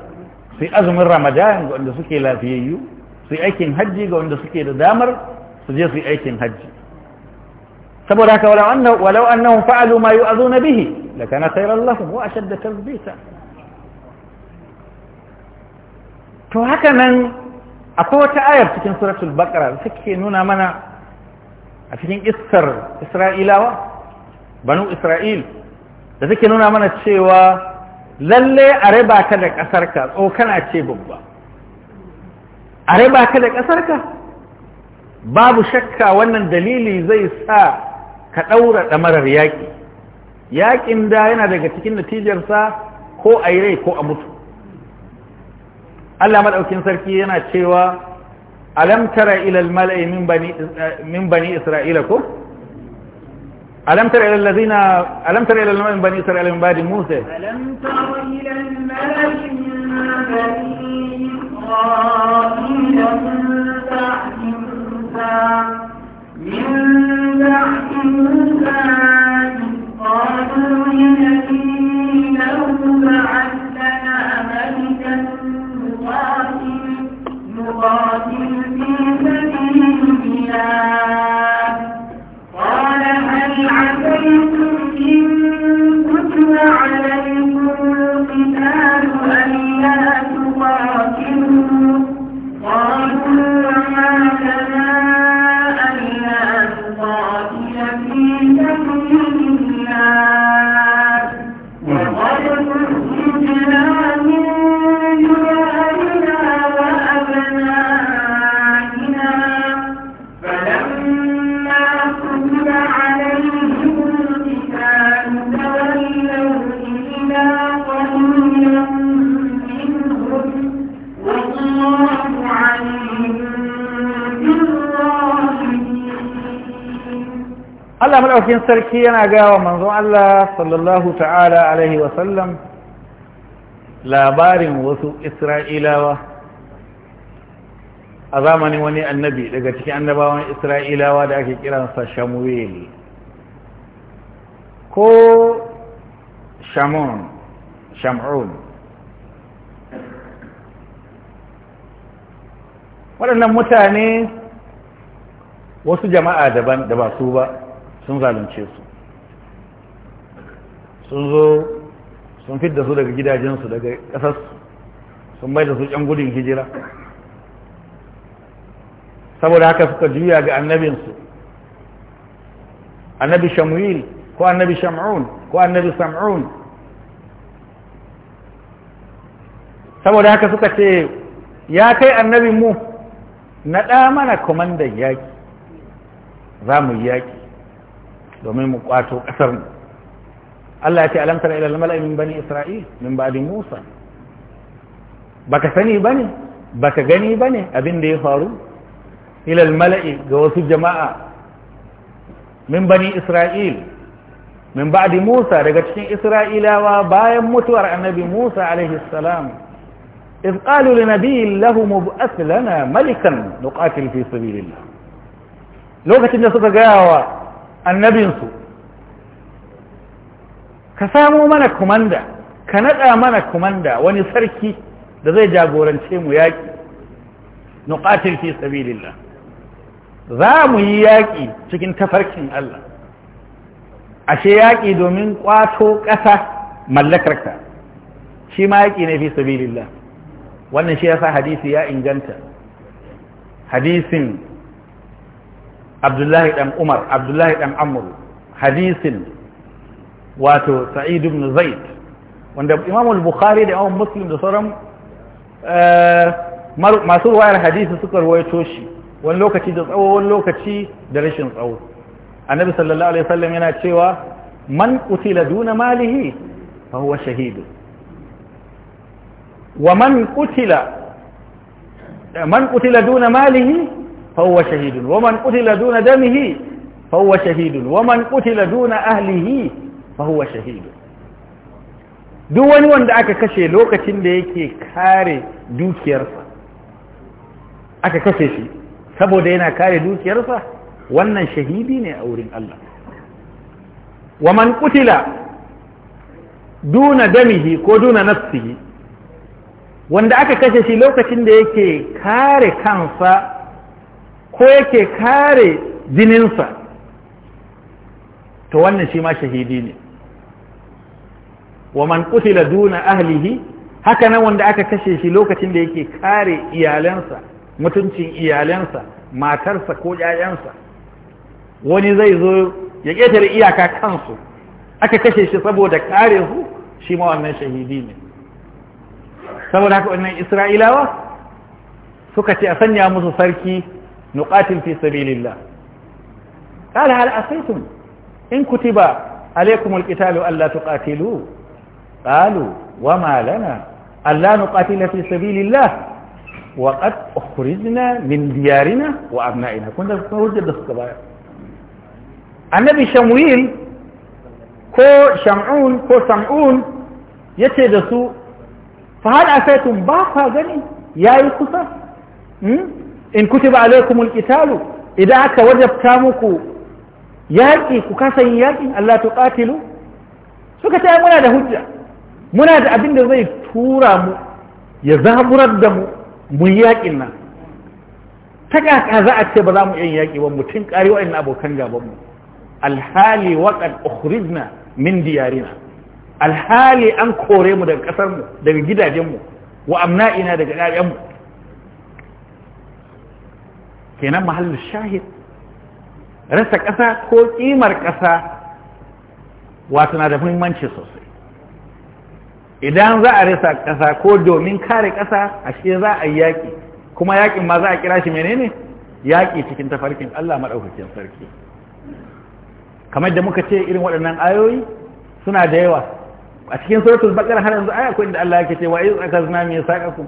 su yi azumin ramadan ga wanda suke lafiyayyu su yi aikin hajji ga wanda suke da damar su je su yi aikin hajji saboda haka walau annahu walau annahum fa'alu ma yu'azuna bihi lakana khayran lahum wa ashadda tathbita to haka nan akwai wata ayar cikin suratul baqara da take nuna mana a cikin iskar isra'ilawa banu isra'il da take nuna mana cewa lalle a raba ka da ƙasarka kana ce babba a raba ka da ƙasarka babu shakka wannan dalili zai sa ka ɗaura ɗamarar yaƙi yaƙin da yana daga cikin natijarsa ko a rai ko a mutu Allah maɗaukin sarki yana cewa alam tara ilal mala'i eh, min bani isra'ila ko ألم تر إلى الذين ألم تر إلى الملأ من بني إسرائيل من بعد موسى ألم تر إلى الملأ من بني إسرائيل من بعد موسى من بعد موسى قالوا لنبي له بعث لنا ملكا نقاتل نقاتل في سبيل الله Allah madaukakin sarki yana gawa manzon Allah sallallahu ta'ala alaihi wa sallam labarin wasu Isra'ilawa a zamanin wani annabi daga cikin annabawan Isra'ilawa da ake kiransa Shamuel ko Shamun Shamun waɗannan mutane wasu jama'a daban da ba su ba sun zalunce su sun zo sun fidda su daga gidajensu daga ƙasarsu sun bai da su can gudun hijira saboda haka suka juya ga annabinsu annabi shamuil ko annabi sham'un ko annabi sam'un saboda haka suka ce ya kai annabinmu na ɗa mana kwamandan yaƙi za mu yi yaƙi domin mu kwato kasar mu Allah ya ce alam tara ilal al-mala'i min bani isra'il min ba'di musa baka sani bane baka gani bane abin da ya faru Ilal al-mala'i ga wasu jama'a min bani isra'il min ba'di musa daga cikin isra'ilawa bayan mutuwar annabi musa alaihi salam إذ قالوا لنبي له مبأث لنا ملكا نقاتل في سبيل الله لوكة الناس تقاوى annabinsu ka samo mana kumanda ka naɗa mana kumanda wani sarki da zai jagorance mu yaƙi nuƙatil fi sabilillah za mu yi yaƙi cikin tafarkin Allah ashe yaƙi domin ƙwato ƙasa mallakarka shi ma yaƙi ne fi sabilillah wannan shi yasa hadisi ya inganta hadisin عبد الله بن عمر عبد الله بن عمرو حديث واتو سعيد بن زيد وند امام البخاري ده امام مسلم ده سرم ما ما سو واير حديث سكر ويتو شي وان لوكتي ده او وان لوكتي ده رشن او النبي صلى الله عليه وسلم يناي تشوا من قتل دون ماله فهو شهيد ومن قتل من قتل دون ماله فهو شهيد ومن قتل دون دمه فهو شهيد ومن قتل دون أهله فهو شهيد duk wani wanda aka kashe lokacin da yake kare dukiyarsa aka kashe shi saboda yana kare dukiyarsa wannan shahidi ne a wurin Allah wa man qutila duna damihi ko duna nafsihi wanda aka kashe shi lokacin da yake kare kansa ko yake kare jininsa to wannan shi ma shahidi ne wa man qutila duna ahlihi haka nan wanda aka kashe shi lokacin da yake kare iyalansa mutuncin iyalansa matarsa ko ƴaƴansa wani zai zo ya ƙetare iyaka kansu aka kashe shi saboda kare su shi ma wannan shahidi ne saboda haka wannan isra'ilawa suka ce a sanya musu sarki نقاتل في سبيل الله قال هل عصيتم إن كتب عليكم القتال ألا تقاتلوا قالوا وما لنا ألا نقاتل في سبيل الله وقد أخرجنا من ديارنا وأبنائنا كنا نوجد الصبايا النبي شمويل كو شمعون كو شمعون ya فهل da باقا غني يا asaitum in kutiba alaikumul qitalu idan aka wajabta muku yaƙi ku kasa yin yaƙi Allah ta ƙatilu suka ce muna da hujja muna da abin da zai tura mu ya zaburar da mu mu yaƙin nan ta kaka za a ce ba za mu yin yaƙi ba mutum ƙari wa'in abokan gaban mu alhali waƙar ukhrijna min diyarina alhali an kore mu daga ƙasar mu daga gidajen mu wa amna'ina daga ƴaƴan mu kenan mahallin shahid rasa ƙasa ko ƙimar ƙasa wato na da muhimmanci sosai idan za a rasa ƙasa ko domin kare ƙasa ashe za a yi yaƙi kuma yaƙin ma za a kira shi menene yaƙi cikin tafarkin Allah maɗaukakin sarki kamar da muka ce irin waɗannan ayoyi suna da yawa a cikin suratul baqara har yanzu aya akwai inda Allah yake ce wa iz akazna min saqakum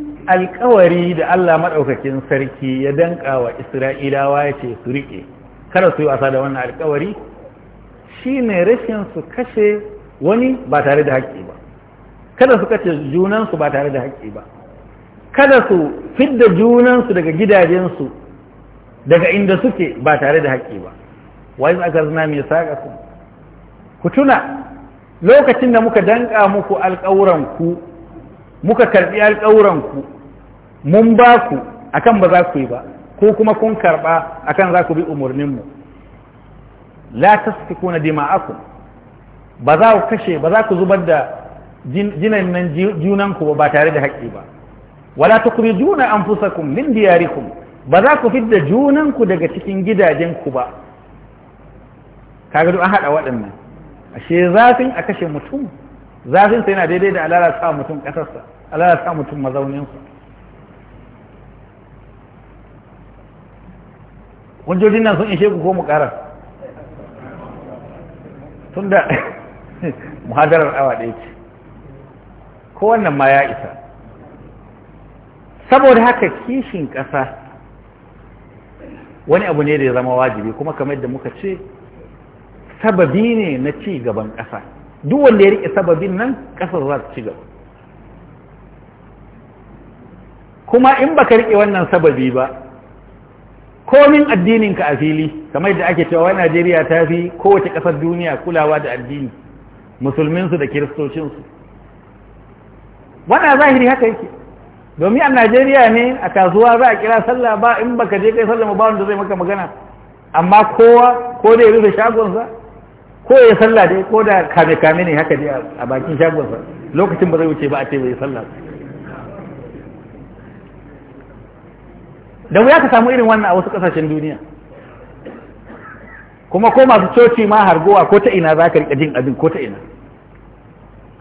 alkawari da Allah maɗaukakin sarki ya danka wa Isra'ilawa ya ce su riƙe kada su yi wasa da wannan alkawari shi ne rashin su kashe wani ba tare da haƙƙi ba kada su kashe junansu ba tare da haƙƙi ba kada su fidda junansu daga gidajensu daga inda suke ba tare da haƙƙi ba wai aka zina mai saƙa su ku tuna lokacin da muka danka muku alƙawuranku muka karɓi alƙawuranku mun ba ku akan ba za ku yi ba ko kuma kun karɓa akan za ku bi umarninmu la tasfikuna dima'akum ba za ku kashe ba za ku zubar da jinan nan junanku ba tare da haƙƙi ba wala tukhrijuna anfusakum min diyarikum ba za ku fidda junanku daga cikin gidajenku ba kaga duk an haɗa waɗannan ashe zafin a kashe mutum zafin sai yana daidai da alala sa mutum ƙasarsa alala sa mutum mazauninsa hujjojin nan sun ishe ku ko mu tun da muhadarar awa ɗaya ce ko wannan ma ya isa saboda haka kishin ƙasa wani abu ne da ya zama wajibi kuma kamar yadda muka ce sababi ne na ci gaban ƙasa duk wanda ya riƙe sababin nan ƙasar za ta ci gaba kuma in baka riƙe wannan sababi ba komin addinin ka a fili kamar yadda ake cewa Najeriya ta fi kowace ƙasar duniya kulawa da addini musulminsu da kiristocinsu wannan zahiri haka yake domin a Najeriya ne a kasuwa za a kira sallah ba in baka je kai sallah ba wanda zai maka magana amma kowa ko da ya rufe shagonsa ko ya sallah dai ko da kame kame ne haka dai a bakin shagonsa lokacin ba zai wuce ba a ce bai sallah da wuya ka samu irin wannan a wasu ƙasashen duniya kuma ko masu coci ma hargowa ko ta ina za ka riƙa jin abin ko ta ina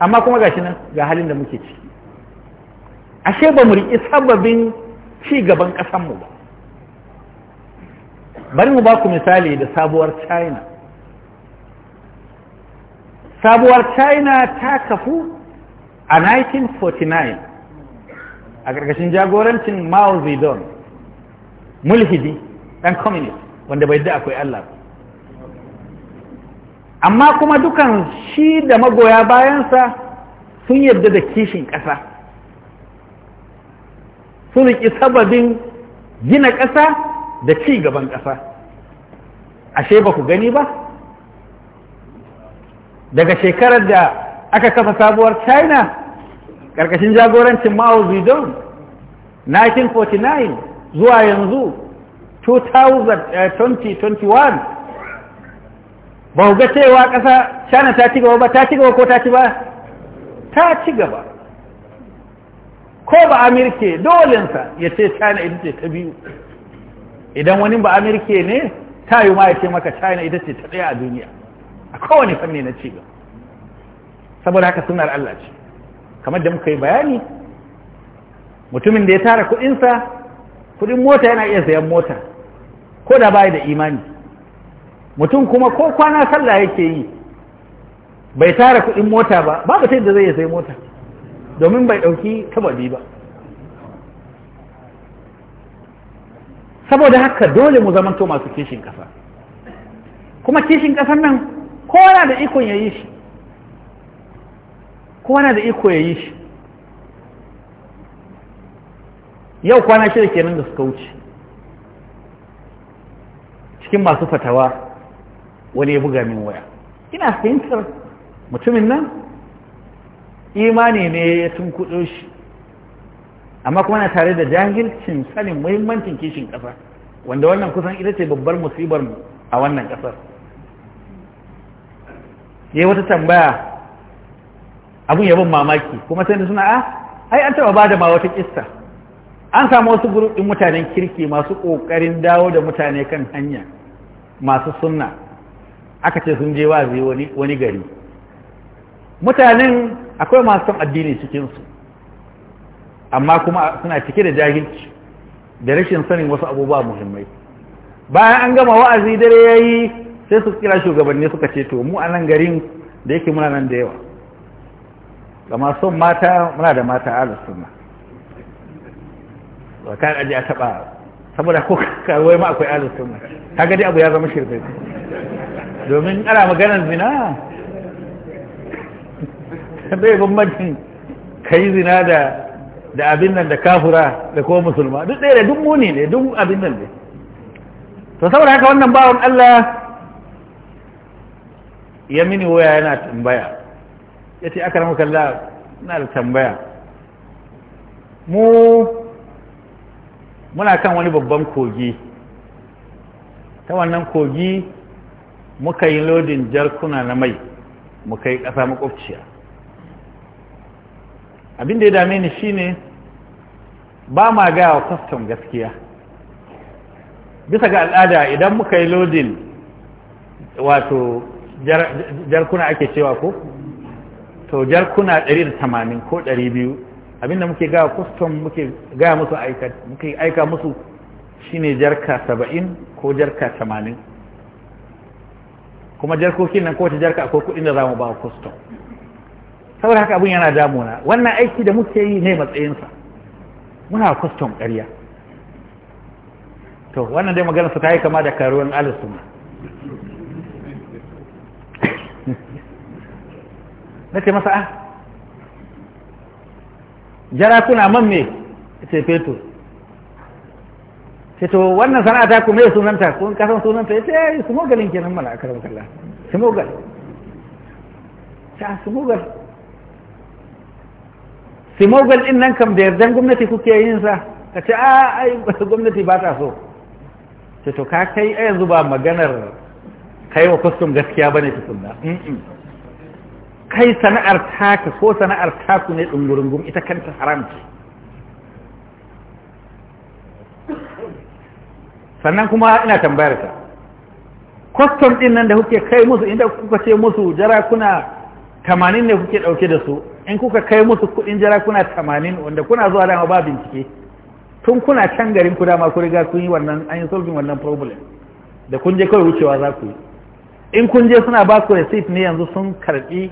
amma kuma ga shi nan ga halin da muke ciki ashe ba mu riƙi sababin ci gaban ƙasanmu ba bari mu ba ku misali da sabuwar china sabuwar china ta kafu a 1949 a ƙarƙashin jagorancin mao zedong mulhidi dan communist wanda bai da akwai Allah amma kuma dukan shi da magoya bayansa sun yarda da kishin ƙasa sun riƙi sababin gina ƙasa da ci gaban ƙasa ashe ba ku gani ba daga shekarar da aka kafa sabuwar china ƙarƙashin jagorancin mao zedong 1949 zuwa yanzu 2021 ba ga cewa ƙasa shana ta ci gaba ba ta ci gaba ko ta ci ba ta ci gaba ko ba amirke dolinsa ya ce china ita ce ta biyu idan wani ba amirke ne ta yi ma ya ce maka china ita ce ta ɗaya a duniya a kowane fanni na cigaba saboda haka sunar Allah ce kamar da muka yi bayani mutumin da ya tara kuɗinsa kudin mota yana iya sayan mota ko da bai da imani mutum kuma ko kwana sallah yake yi bai tara kudin mota ba babu sai da zai iya sayi mota domin bai dauki kabari ba saboda haka dole mu zamanto masu kishin kasa kuma kishin kasan nan kowa na da ikon ya shi kowa da iko ya yi shi yau kwana shida kenan da suka wuce cikin masu fatawa wani ya buga min waya ina fahimtar mutumin nan imani ne ya tunkuɗo shi amma kuma na tare da jahilcin sanin muhimmancin kishin ƙasa wanda wannan kusan ita ce babbar musibar mu a wannan ƙasar ya wata tambaya abun yabon mamaki kuma sai da suna a ah, ai an taɓa ba da ma wata kista. an samu wasu gurbin mutanen kirki masu ƙoƙarin dawo da mutane kan hanya masu sunna aka ce sun je wazi wani gari mutanen akwai masu son addini cikinsu amma kuma suna cike da jahilci da rashin sanin wasu abubuwa muhimmai bayan an gama wa'azi dare ya yi sai su kira shugabanni suka ce to mu a nan garin da yake muna nan da yawa gama son mata muna da mata alas sunna ba kan aje a taba saboda ko kawai ma akwai alu sunna ta gadi abu ya zama shirfe domin ana maganar zina bai bambancin yi zina da da abin nan da kafura da kuma musulma duk ɗaya da duk muni ne duk abin nan ne to saboda haka wannan bawon Allah ya mini waya yana tambaya ya ce aka ramu kalla na da tambaya mu muna kan wani babban kogi ta wannan kogi muka yi lodin jarkuna na mai muka yi ƙasa makwabciya abin da ya dame ni shine ba ma gaya wa kwastam gaskiya bisa ga al'ada idan muka yi lodin wato jarkuna ake cewa ko to jarkuna 180 ko 200 abinda muke ga kuskon muke ga musu aika muke aika musu shine jarka saba'in ko jarka tamanin kuma jarkokin nan kowace jarka akwai kuɗin da za mu ba kuskon saboda haka abin yana damuna wannan aiki da muke yi ne matsayinsa muna kuskon ƙarya to wannan dai su ta yi kama da karuwan alisu na ce masa ah Jara kuna man me ce fetur ce to wannan sana'a ta kuma ya sunanta ka san sunanta ya ce ya eh, yi smogalin kenan mana a karamar kalla sumogal. ta sumogal. Sumogal din nan kam da yardan gwamnati kuke yin sa ka ce a ah, ai gwamnati ba ta so ce to ka kai a yanzu ba maganar kai wa kwastom gaskiya ne tukunna kai sana'ar taka ko sana'ar taku ne ɗungurungun ita kanta haram ce sannan kuma ina tambayar ta kwastom ɗin nan da kuke kai musu inda kuka ce musu jarakuna tamanin ne kuke ɗauke da su in kuka kai musu kuɗin jarakuna tamanin wanda kuna zuwa dama ba bincike tun kuna can garin ku dama ku riga kun yi wannan an yi solving wannan problem da kun je kawai wucewa za ku yi in kun je suna ba ku receipt ne yanzu sun karɓi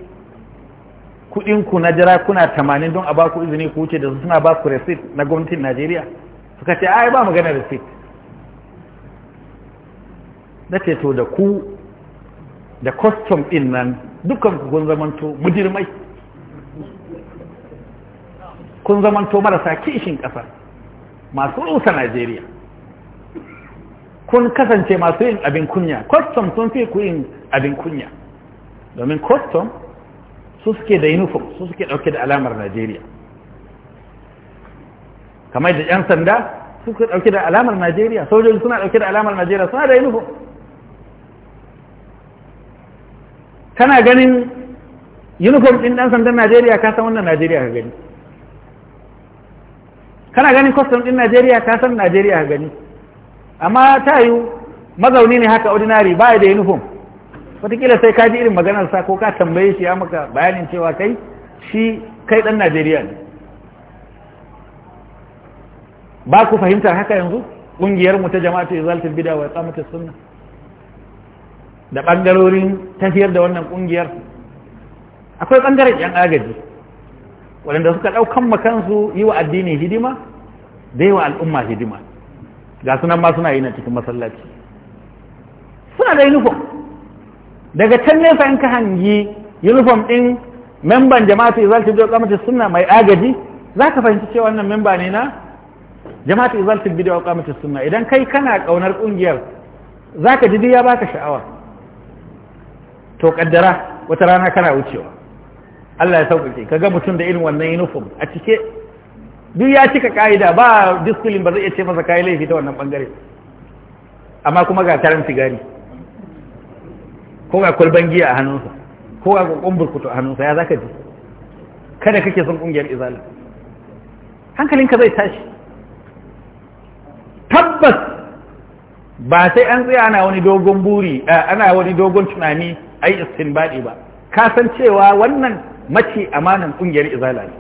kuɗin ku na jira kuna tamanin don a ba ku izini ku wuce da suna ba ku receipt na gwamnatin Najeriya suka ce ai ba magana receipt da ce to da ku da custom din nan dukkan ku kun zamanto mudirmai kun zamanto marasa kishin ƙasa masu rusa Najeriya kun kasance masu yin abin kunya custom sun fi ku yin abin kunya domin custom su suke da uniform su suke dauke da alamar Najeriya kamar da yan sanda su suke dauke da alamar Najeriya sojoji suna dauke da alamar Najeriya suna da uniform kana ganin uniform din dan sandan Najeriya ka san wannan Najeriya ka gani kana ganin custom din Najeriya ka san Najeriya ka gani amma ta yiwu mazauni ne haka ordinary ba da uniform wataƙila sai ka ji irin maganar sa ko ka tambaye shi ya maka bayanin cewa kai shi kai ɗan najeriya ne ba ku fahimtar haka yanzu ƙungiyar mu ta jama'a ta izaltar bida wa ya sunna da ɓangarorin tafiyar da wannan ƙungiyar akwai ɓangaren 'yan agaji waɗanda suka ɗaukan makansu yi wa addini hidima da yi wa al'umma hidima ga sunan ma suna yi na cikin masallaci suna da uniform daga can nesa in ka hangi uniform din memban jama'atu izal bidiyo kamata sunna mai agaji za ka fahimci cewa wannan memba ne na jama'atu izal bidiyo kamata sunna idan kai kana kaunar kungiyar za ka ji ya baka sha'awa to kaddara wata rana kana wucewa Allah ya sauƙaƙe ka ga mutum da irin wannan uniform a cike duk ya cika ƙa'ida ba discipline ba zai iya ce masa kai laifi ta wannan bangare amma kuma ga karan sigari ko ga kwalban giya a hannunsa ko ga kokon burkutu a hannunsa ya zaka ji kada kake son kungiyar izala hankalinka zai tashi tabbas ba sai an tsaya ana wani dogon buri ana wani dogon tunani ai istinbadi ba ka san cewa wannan mace amanan kungiyar izala ne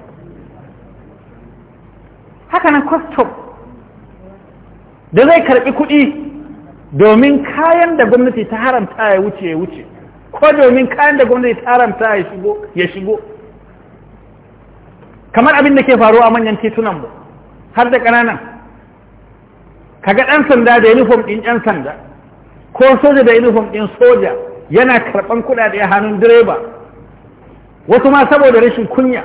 haka nan custom da zai karbi kuɗi domin kayan da gwamnati ta haramta ya wuce ya wuce ko domin kayan da gwamnati ta haramta ya shigo ya shigo kamar abin da ke faruwa a manyan titunan mu har da ƙananan kaga ɗan sanda da uniform ɗin ɗan sanda ko soja da uniform ɗin soja yana karɓan kuɗaɗe a hannun direba wasu ma saboda rashin kunya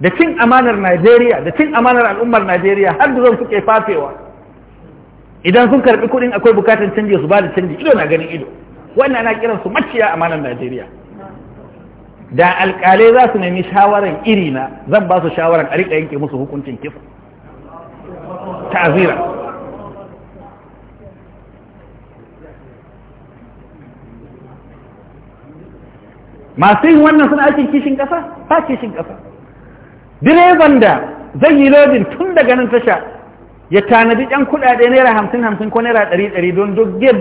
da cin amanar Najeriya da cin amanar al'ummar Najeriya har da zan suke fafewa idan sun karbi kuɗin akwai bukatar canji su ba da canji ido na ganin ido wannan ana kiran su maciya malam Najeriya da alƙalai za su nemi shawaran iri na zan ba su shawaran a riƙa yanke musu hukuncin kisa ta'azira masu yin wannan suna aikin kishin ƙasa ba kishin ƙasa direban da zai yi lodin tun daga nan tasha ya tanadi ɗan kuɗaɗe naira hamsin hamsin ko naira ɗari ɗari don duk giyar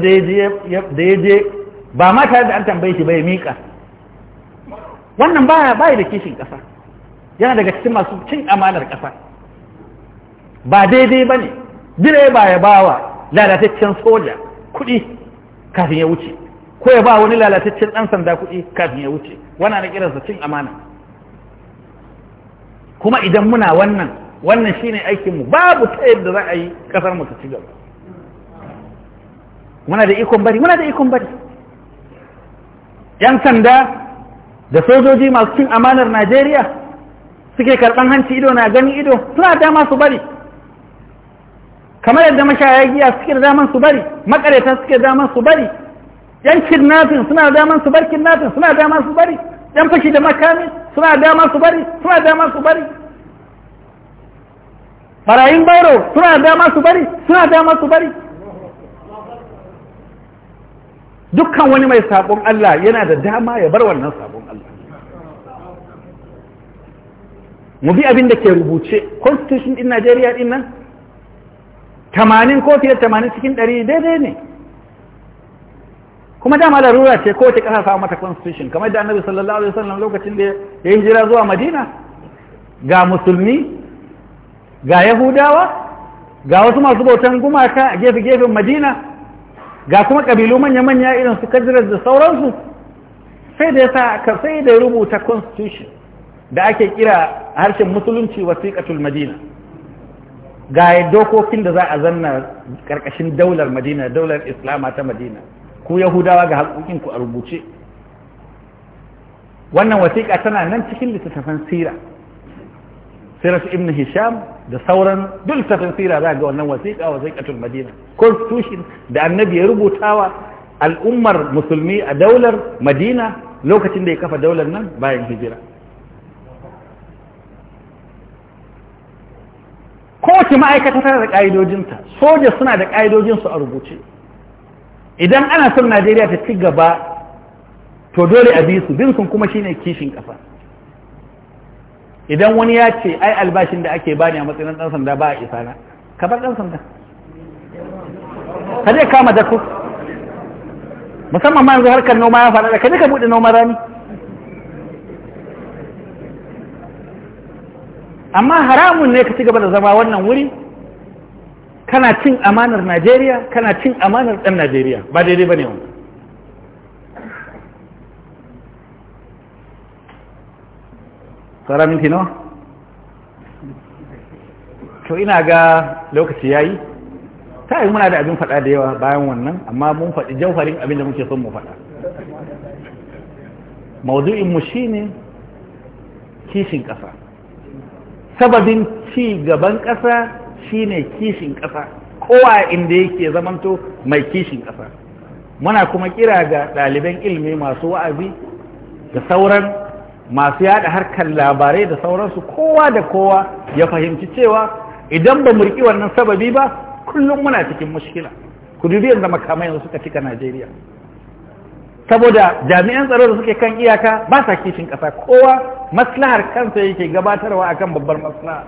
da ya je ba ma tare da an tambaye shi ba ya miƙa wannan baya ya da kishin ƙasa yana daga cikin masu cin amanar ƙasa ba daidai ba ne direba ya ba wa lalataccen soja kuɗi kafin ya wuce ko ya ba wani lalataccen ɗan sanda kuɗi kafin ya wuce wannan na kiransa cin amana kuma idan muna wannan wannan shine aikinmu babu ta yadda za a yi kasar mutu ta ci gaba muna da ikon bari muna da ikon bari yan sanda da sojoji masu cin amanar Najeriya suke karɓan hanci ido na gani ido suna dama su bari kamar yadda mashaya giya suke da daman su bari makareta suke da daman su bari yan kidnapping suna da daman su bar kidnapping suna da daman su bari yan fashi da makami suna da daman su bari suna da daman su bari barayin bairo suna da dama su bari suna da dama su bari dukkan wani mai sabon Allah yana da dama ya bar wannan sabon Allah mu bi abin da ke rubuce constitution din Najeriya din nan tamanin ko fiye tamanin cikin ɗari daidai ne kuma dama rura ce ko ta ƙasa samu mata constitution kamar da annabi sallallahu alaihi wasallam lokacin da ya hijira zuwa madina ga musulmi ga yahudawa ga wasu masu bautan gumaka a gefe-gefen madina ga kuma ƙabilu manya-manya irin su kajirar da sauransu sai da yasa ka sai da rubuta constitution da ake kira harshen musulunci wasiƙatul madina ga dokokin da za a zanna ƙarƙashin daular madina daular islama ta madina ku yahudawa ga haƙoƙinku a rubuce wannan wasiƙa tana nan cikin littattafan sira sirar ibn hisham da sauran duk littafin za ga wannan wasiƙa wasiƙatul madina constitution da annabi ya rubutawa al'ummar musulmi a daular madina lokacin da ya kafa daular nan bayan hijira kowace ma'aikata tana da ƙa'idojinta soja suna da ƙa'idojinsu a rubuce idan ana son najeriya ta ci gaba to dole a bi su bin sun kuma shine kishin ƙasa idan wani ya ce ai albashin da ake bani a matsayin dan sanda ba a isa na ka bar dan sanda ka je kama da ku musamman ma yanzu harkar noma ya faɗaɗa ka je ka buɗe noma rani amma haramun ne ka ci gaba da zama wannan wuri kana cin amanar najeriya kana cin amanar dan najeriya ba daidai ba wannan tsara minti nawa to ina ga lokaci yayi ta yi muna da abin faɗa da yawa bayan wannan amma mun faɗi jaufarin abin da muke son mu faɗa maudu'in mu shine kishin ƙasa sababin ci gaban ƙasa shine kishin ƙasa kowa inda yake zamanto mai kishin ƙasa muna kuma kira ga ɗaliban ilimi masu wa'azi da sauran masu yada harkar labarai da sauransu kowa da kowa ya fahimci cewa idan ba murki wannan sababi ba kullum muna cikin mushkila ku dubi yanzu makamai yanzu suka cika Najeriya saboda jami'an tsaro da suke kan iyaka ba sa kishin ƙasa kowa maslahar kansa yake gabatarwa akan babbar maslaha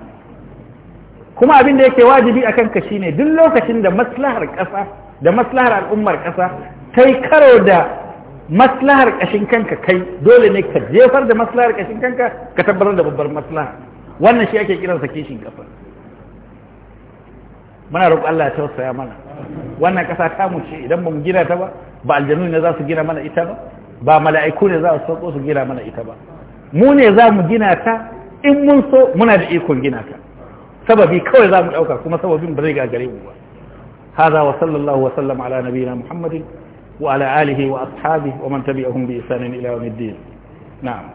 kuma abin da yake wajibi akan ka shine duk lokacin da maslahar kasa da maslahar al'ummar kasa kai karo da maslahar kashin kanka kai dole ne ka jefar da maslahar kashin kanka ka tabbatar da babbar maslaha wannan shi ake kiransa kishin kafa muna roƙon Allah ya tausaya mana wannan ƙasa ta mu ce idan ba mu gina ta ba ba aljanu ne za su gina mana ita ba ba mala'iku ne za su sauko su gina mana ita ba mu ne za mu gina ta in mun so muna da ikon gina ta sababi kawai za mu ɗauka kuma sababin ba zai gare mu ba هذا وصلى الله وسلم على نبينا محمد وعلى آله وأصحابه ومن تبعهم بإسان إلى يوم الدين نعم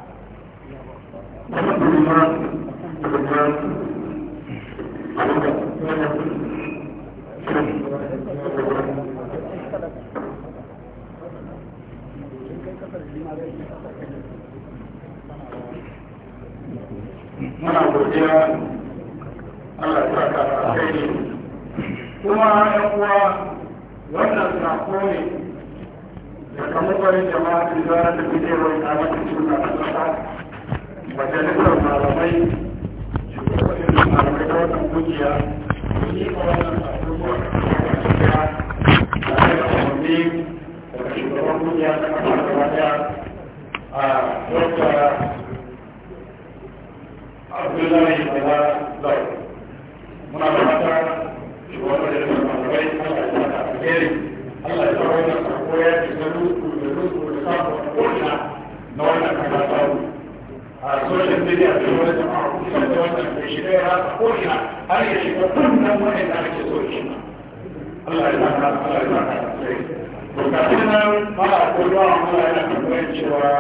Allah ya kuma yan uwa wannan sako ne da jama'a da zuwa da a wata suna majalisar malamai shugabannin malamai da wata kungiya ni a wannan a da shugaban kungiya na a wata abdullahi muna da mata malamai a ƙasa da Allah ya kawo mana sako ya ce na da lutu da sako kunna na wannan kana samu a social media da wani jama'a kusa ta ko da shi ɗaya rasa kunna har ya shiga kunnan wani da ake so shi Allah ya zaka Allah ya zaka sai to kafin ma a ko da Allah ya tambaye cewa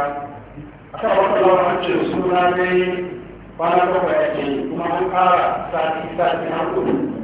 aka wata lawa ce suna ne kwana bakwai yake kuma an ƙara sati sati na kudu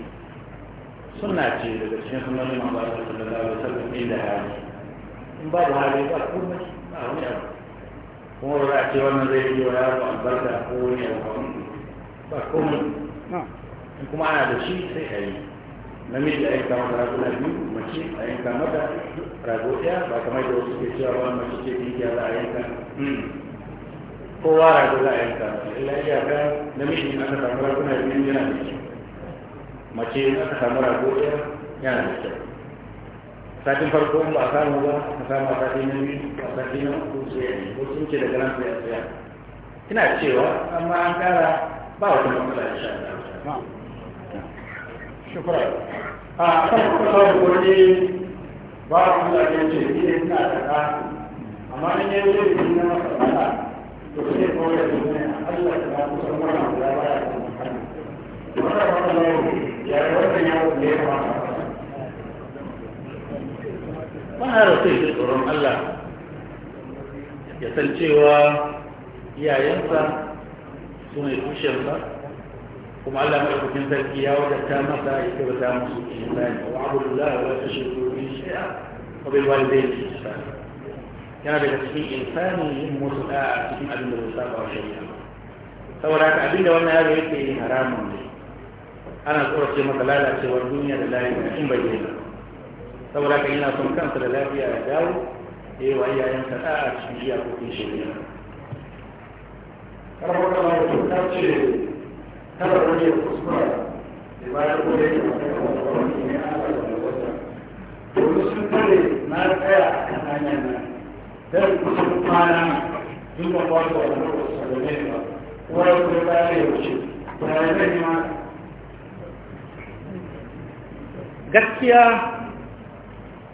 suna ce daga cikin sunan manzo Allah sallallahu alaihi wasallam inda hali in ba da hali ba ne? ba wani abu kuma ba za a ce wannan zai yi wa yaro albarka ko wani abu ba ne. in kuma ana da shi sai a yi namiji a yanka mata raguna biyu mace a yanka mata rago ɗaya ba kamar da wasu ke cewa ba mace ce biyu za a yi yanka hmm. kowa rago za a yi yanka illa iyaka namiji in aka samu raguna biyu yana da shi mace in aka samu rago ɗaya yana da kyau satin farko ba a samu ba a samu a satin na biyu a satin na uku sai ya ko sun ce daga nan sai ya tsaya ina cewa amma an kara ba wata matsala da sha shukura a kan kuma da gobe ba a kula da yace ina ina da ka amma ni ne in yi na matsala to sai kawai da ne Allah ta ba ku san wannan da ba ya mahara sai da tsoron Allah ya san cewa iyayensa su ne tushensa kuma Allah mai kukin sarki ya wadata masa ya kyauta musu ihsani wa abdullahi wa tashkuru bi shay'a wa bil walidayni ihsani yana daga cikin ihsani yin musu da cikin abin da ba saba wa shari'a saboda haka abin da wannan yaro yake haramun ne ana tsorace masa lalacewar duniya da lafiya in bai yi saboda kan yana son kansa da lafiya ya dawo ya yi wa iyayensa a cikin iyakokin shari'a karfar kama da ta ce kada wani ya kuskura da bayan kuma yake masu wani ne a da wata domin sun tare na tsaya a kan hanyar nan don kusan kwana duk da kwanta wani kusa da ne ba kuma ya kuma ya wuce ba ya zai ma gaskiya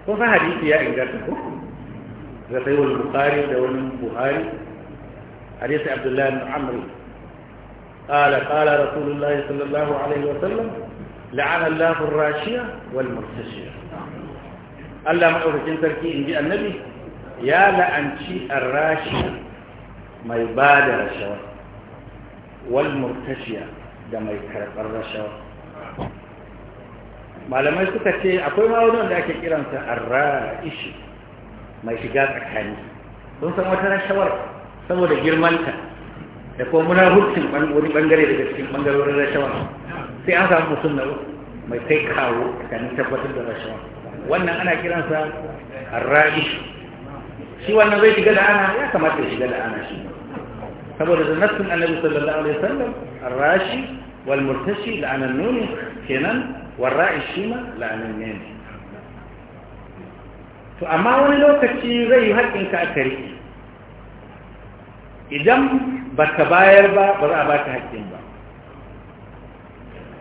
ko hadisi ya inganta ko da sai da wani buhari hadisi abdullahi bin amri qala qala rasulullah sallallahu alaihi wa sallam la'ana allah rashiya wal murtashiya Allah maɗaukakin sarki in annabi ya la'anci ar-rashiya mai ba da rashawa wal murtashiya da mai karɓar rashawa malamai suka ce akwai ma wani wanda ake kiransa arra'ishi mai shiga tsakani don san wata rashawar saboda girmanta da kuma muna hukcin wani bangare daga cikin bangarorin rashawar sai an samu mutum na mai kai kawo tsakanin tabbatar da rashawar wannan ana kiransa arra'ishi shi wannan zai shiga da ana ya kamata ya shiga da ana shi saboda da nassin annabi sallallahu alaihi wasallam arrashi والمرتشي لعن النون كنان والراعي الشيمة لعن النين فأما وني لو كتشي زي إنك كأكري إذن بكباير با برأباك هكين با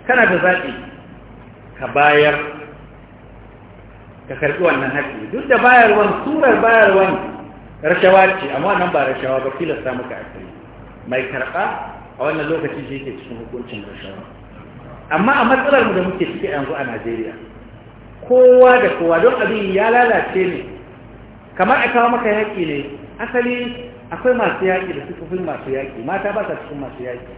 كان بذاتي كباير ka karɓi wannan haƙƙi duk da bayarwan surar bayarwan rashawa ce amma nan ba rashawa ba filasta muka akari mai karɓa a wannan lokaci shi yake cikin hukuncin rashawa amma a matsalar mu da muke ciki yanzu a Najeriya kowa da kowa don abin ya lalace ne kamar a kawo maka yaƙi ne asali akwai masu yaƙi da fi masu yaƙi mata ba sa cikin masu yaƙi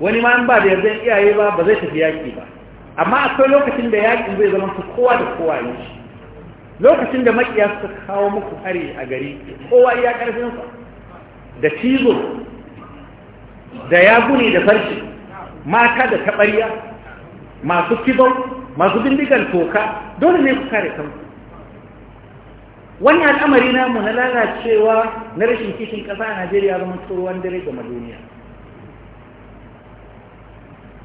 wani ma an ba da yardan iyaye ba ba zai tafi yaƙi ba amma akwai lokacin da yaƙi zai zama su kowa da kowa ne lokacin da makiya suka kawo muku hari a gari kowa iya sa da cizo da yaguni da farce mata da taɓarya masu kibon masu bindigar toka dole ne ku kare kanku wannan al'amari namu na lalacewa na rashin kishin ƙasa a najeriya zama tsoron dare ga duniya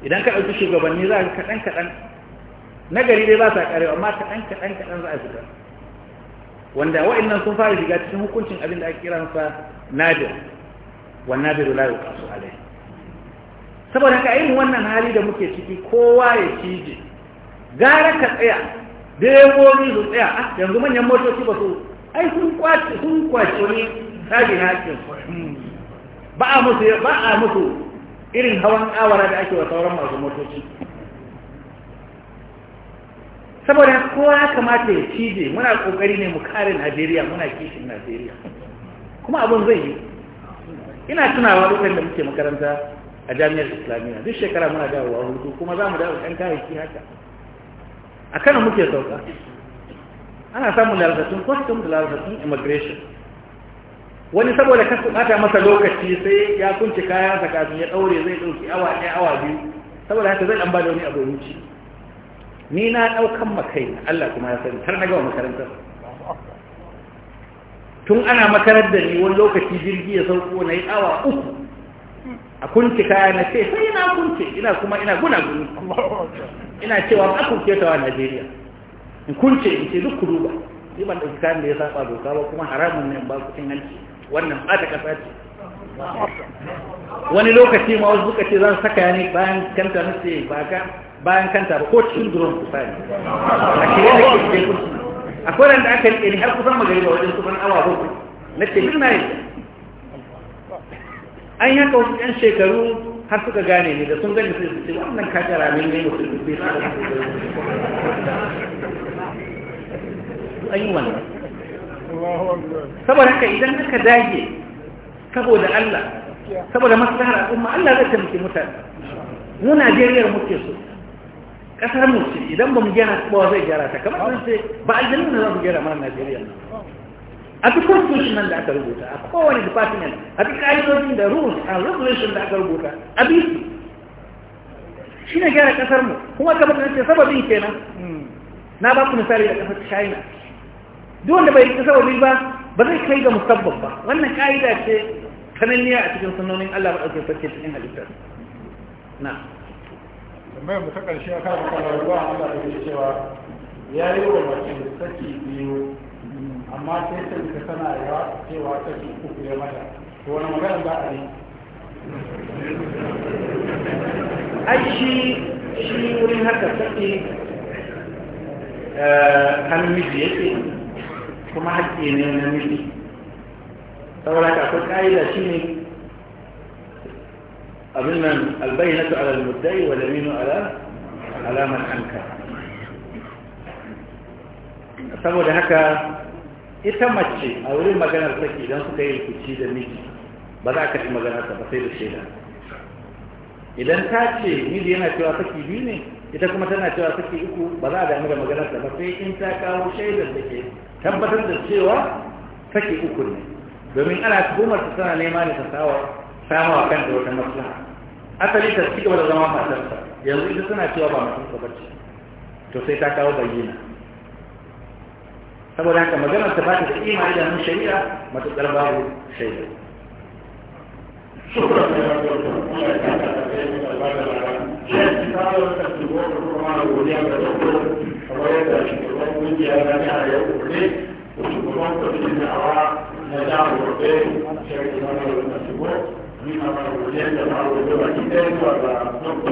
idan ka ɗauki shugabanni za ka kaɗan-kaɗan na gari dai ba sa ƙarewa amma kaɗan-kaɗan-kaɗan za a shiga wanda nan sun fara shiga cikin hukuncin abin da ake kiransa nadir wannan da la yuqasu alai saboda ka irin wannan hali da muke ciki kowa ya cije gara ka tsaya direbobi su tsaya a ah, yanzu manyan motoci ba su ai sun kwace sun kwace ne sabi na hakin ba a musu ba a musu irin hawan awara da ake wa sauran masu motoci saboda kowa ya kamata ya cije muna kokari ne mu kare Najeriya muna kishin Najeriya kuma abin zai yi ina tunawa lokacin da muke makaranta a jami'ar islamiyya duk shekara muna dawowa hutu kuma za mu dawo ɗan kayayyaki haka a kanan muke sauka ana samun lalatattun custom da lalatattun immigration wani saboda kasu bata masa lokaci sai ya kunce ta kafin ya ɗaure zai ɗauki awa ɗaya awa biyu saboda haka zai ɗan ba da wani abu ni na ɗaukan makai. Allah kuma ya sani har na gawa makarantar tun ana makarar da ni wani lokaci jirgi ya sauko na yi awa uku a kunci kaya na ce sai ina kunce. ina kuma ina guna guni ina cewa a kunce ta najeriya in kunce in ce duk kudu ba ni ban dauki kayan da ya saba doka ba kuma haramun ne ba ku cin hanci wannan ba ta ƙasa ce wani lokaci ma wasu suka ce saka ne bayan kanta nace ba ba bayan kanta ba ko cikin duron kusa ne a shirya da ke kunci akwai ran da aka rike ni har kusan magari ba wajen kusan awa hudu na ce duk na yi an yi wasu yan shekaru har suka gane ni da sun gani su ce wannan kajara ramin ne mutum bai an yi wannan saboda haka idan aka dage saboda Allah saboda masu maslahar umma Allah zai taimaki mutane mu Najeriya muke so kasar mu ce idan ba mu gyara ba zai gyara ta kamar sun ce ba aljanna ne za mu gyara mana Najeriya nan a duk constitution nan da aka rubuta a kowane department a duk ƙa'idodin da rules and regulations da aka rubuta a bi su shi ne gyara kasar mu kuma kamar sun ce sababin kenan na ba ku misali da kasar China duk wanda bai rika sababi ba ba zai kai ga musabbab ba wannan ka'ida ce sananniya a cikin sunonin Allah ba ɗauke sarki cikin halittar na tambayar mu ta karshe akan hukumar ruwa Allah da ke cewa ya yi wa mace saki biyu amma sai ta ka sana ya cewa saki uku ya mata to wani magana ba a yi ai shi shi wurin haka saki hannun eh, miji yake kuma haƙƙi ne na miji saboda ka kai ƙa'ida shi ne abin nan albayyana ala al-muddai wa laminu ala alaman anka saboda haka ita mace a wurin maganar saki idan suka yi rikici da miji ba za ka ci maganar ba sai da shaida idan ta ce miji yana cewa saki biyu ne ita kuma tana cewa saki uku ba za a damu da maganar ba sai in ta kawo shaidar da ke tabbatar da cewa saki uku ne domin ana tuhumar tana nema samu a kanta wata maslaha asali ta ci gaba da zama matarsa yanzu ita suna cewa ba matarsa ba ce to sai ta kawo bayyana saboda haka maganar ta ba ta da ima idanun shari'a matuƙar babu shaida شكرا يا دكتور ni a ba da wajen da ba da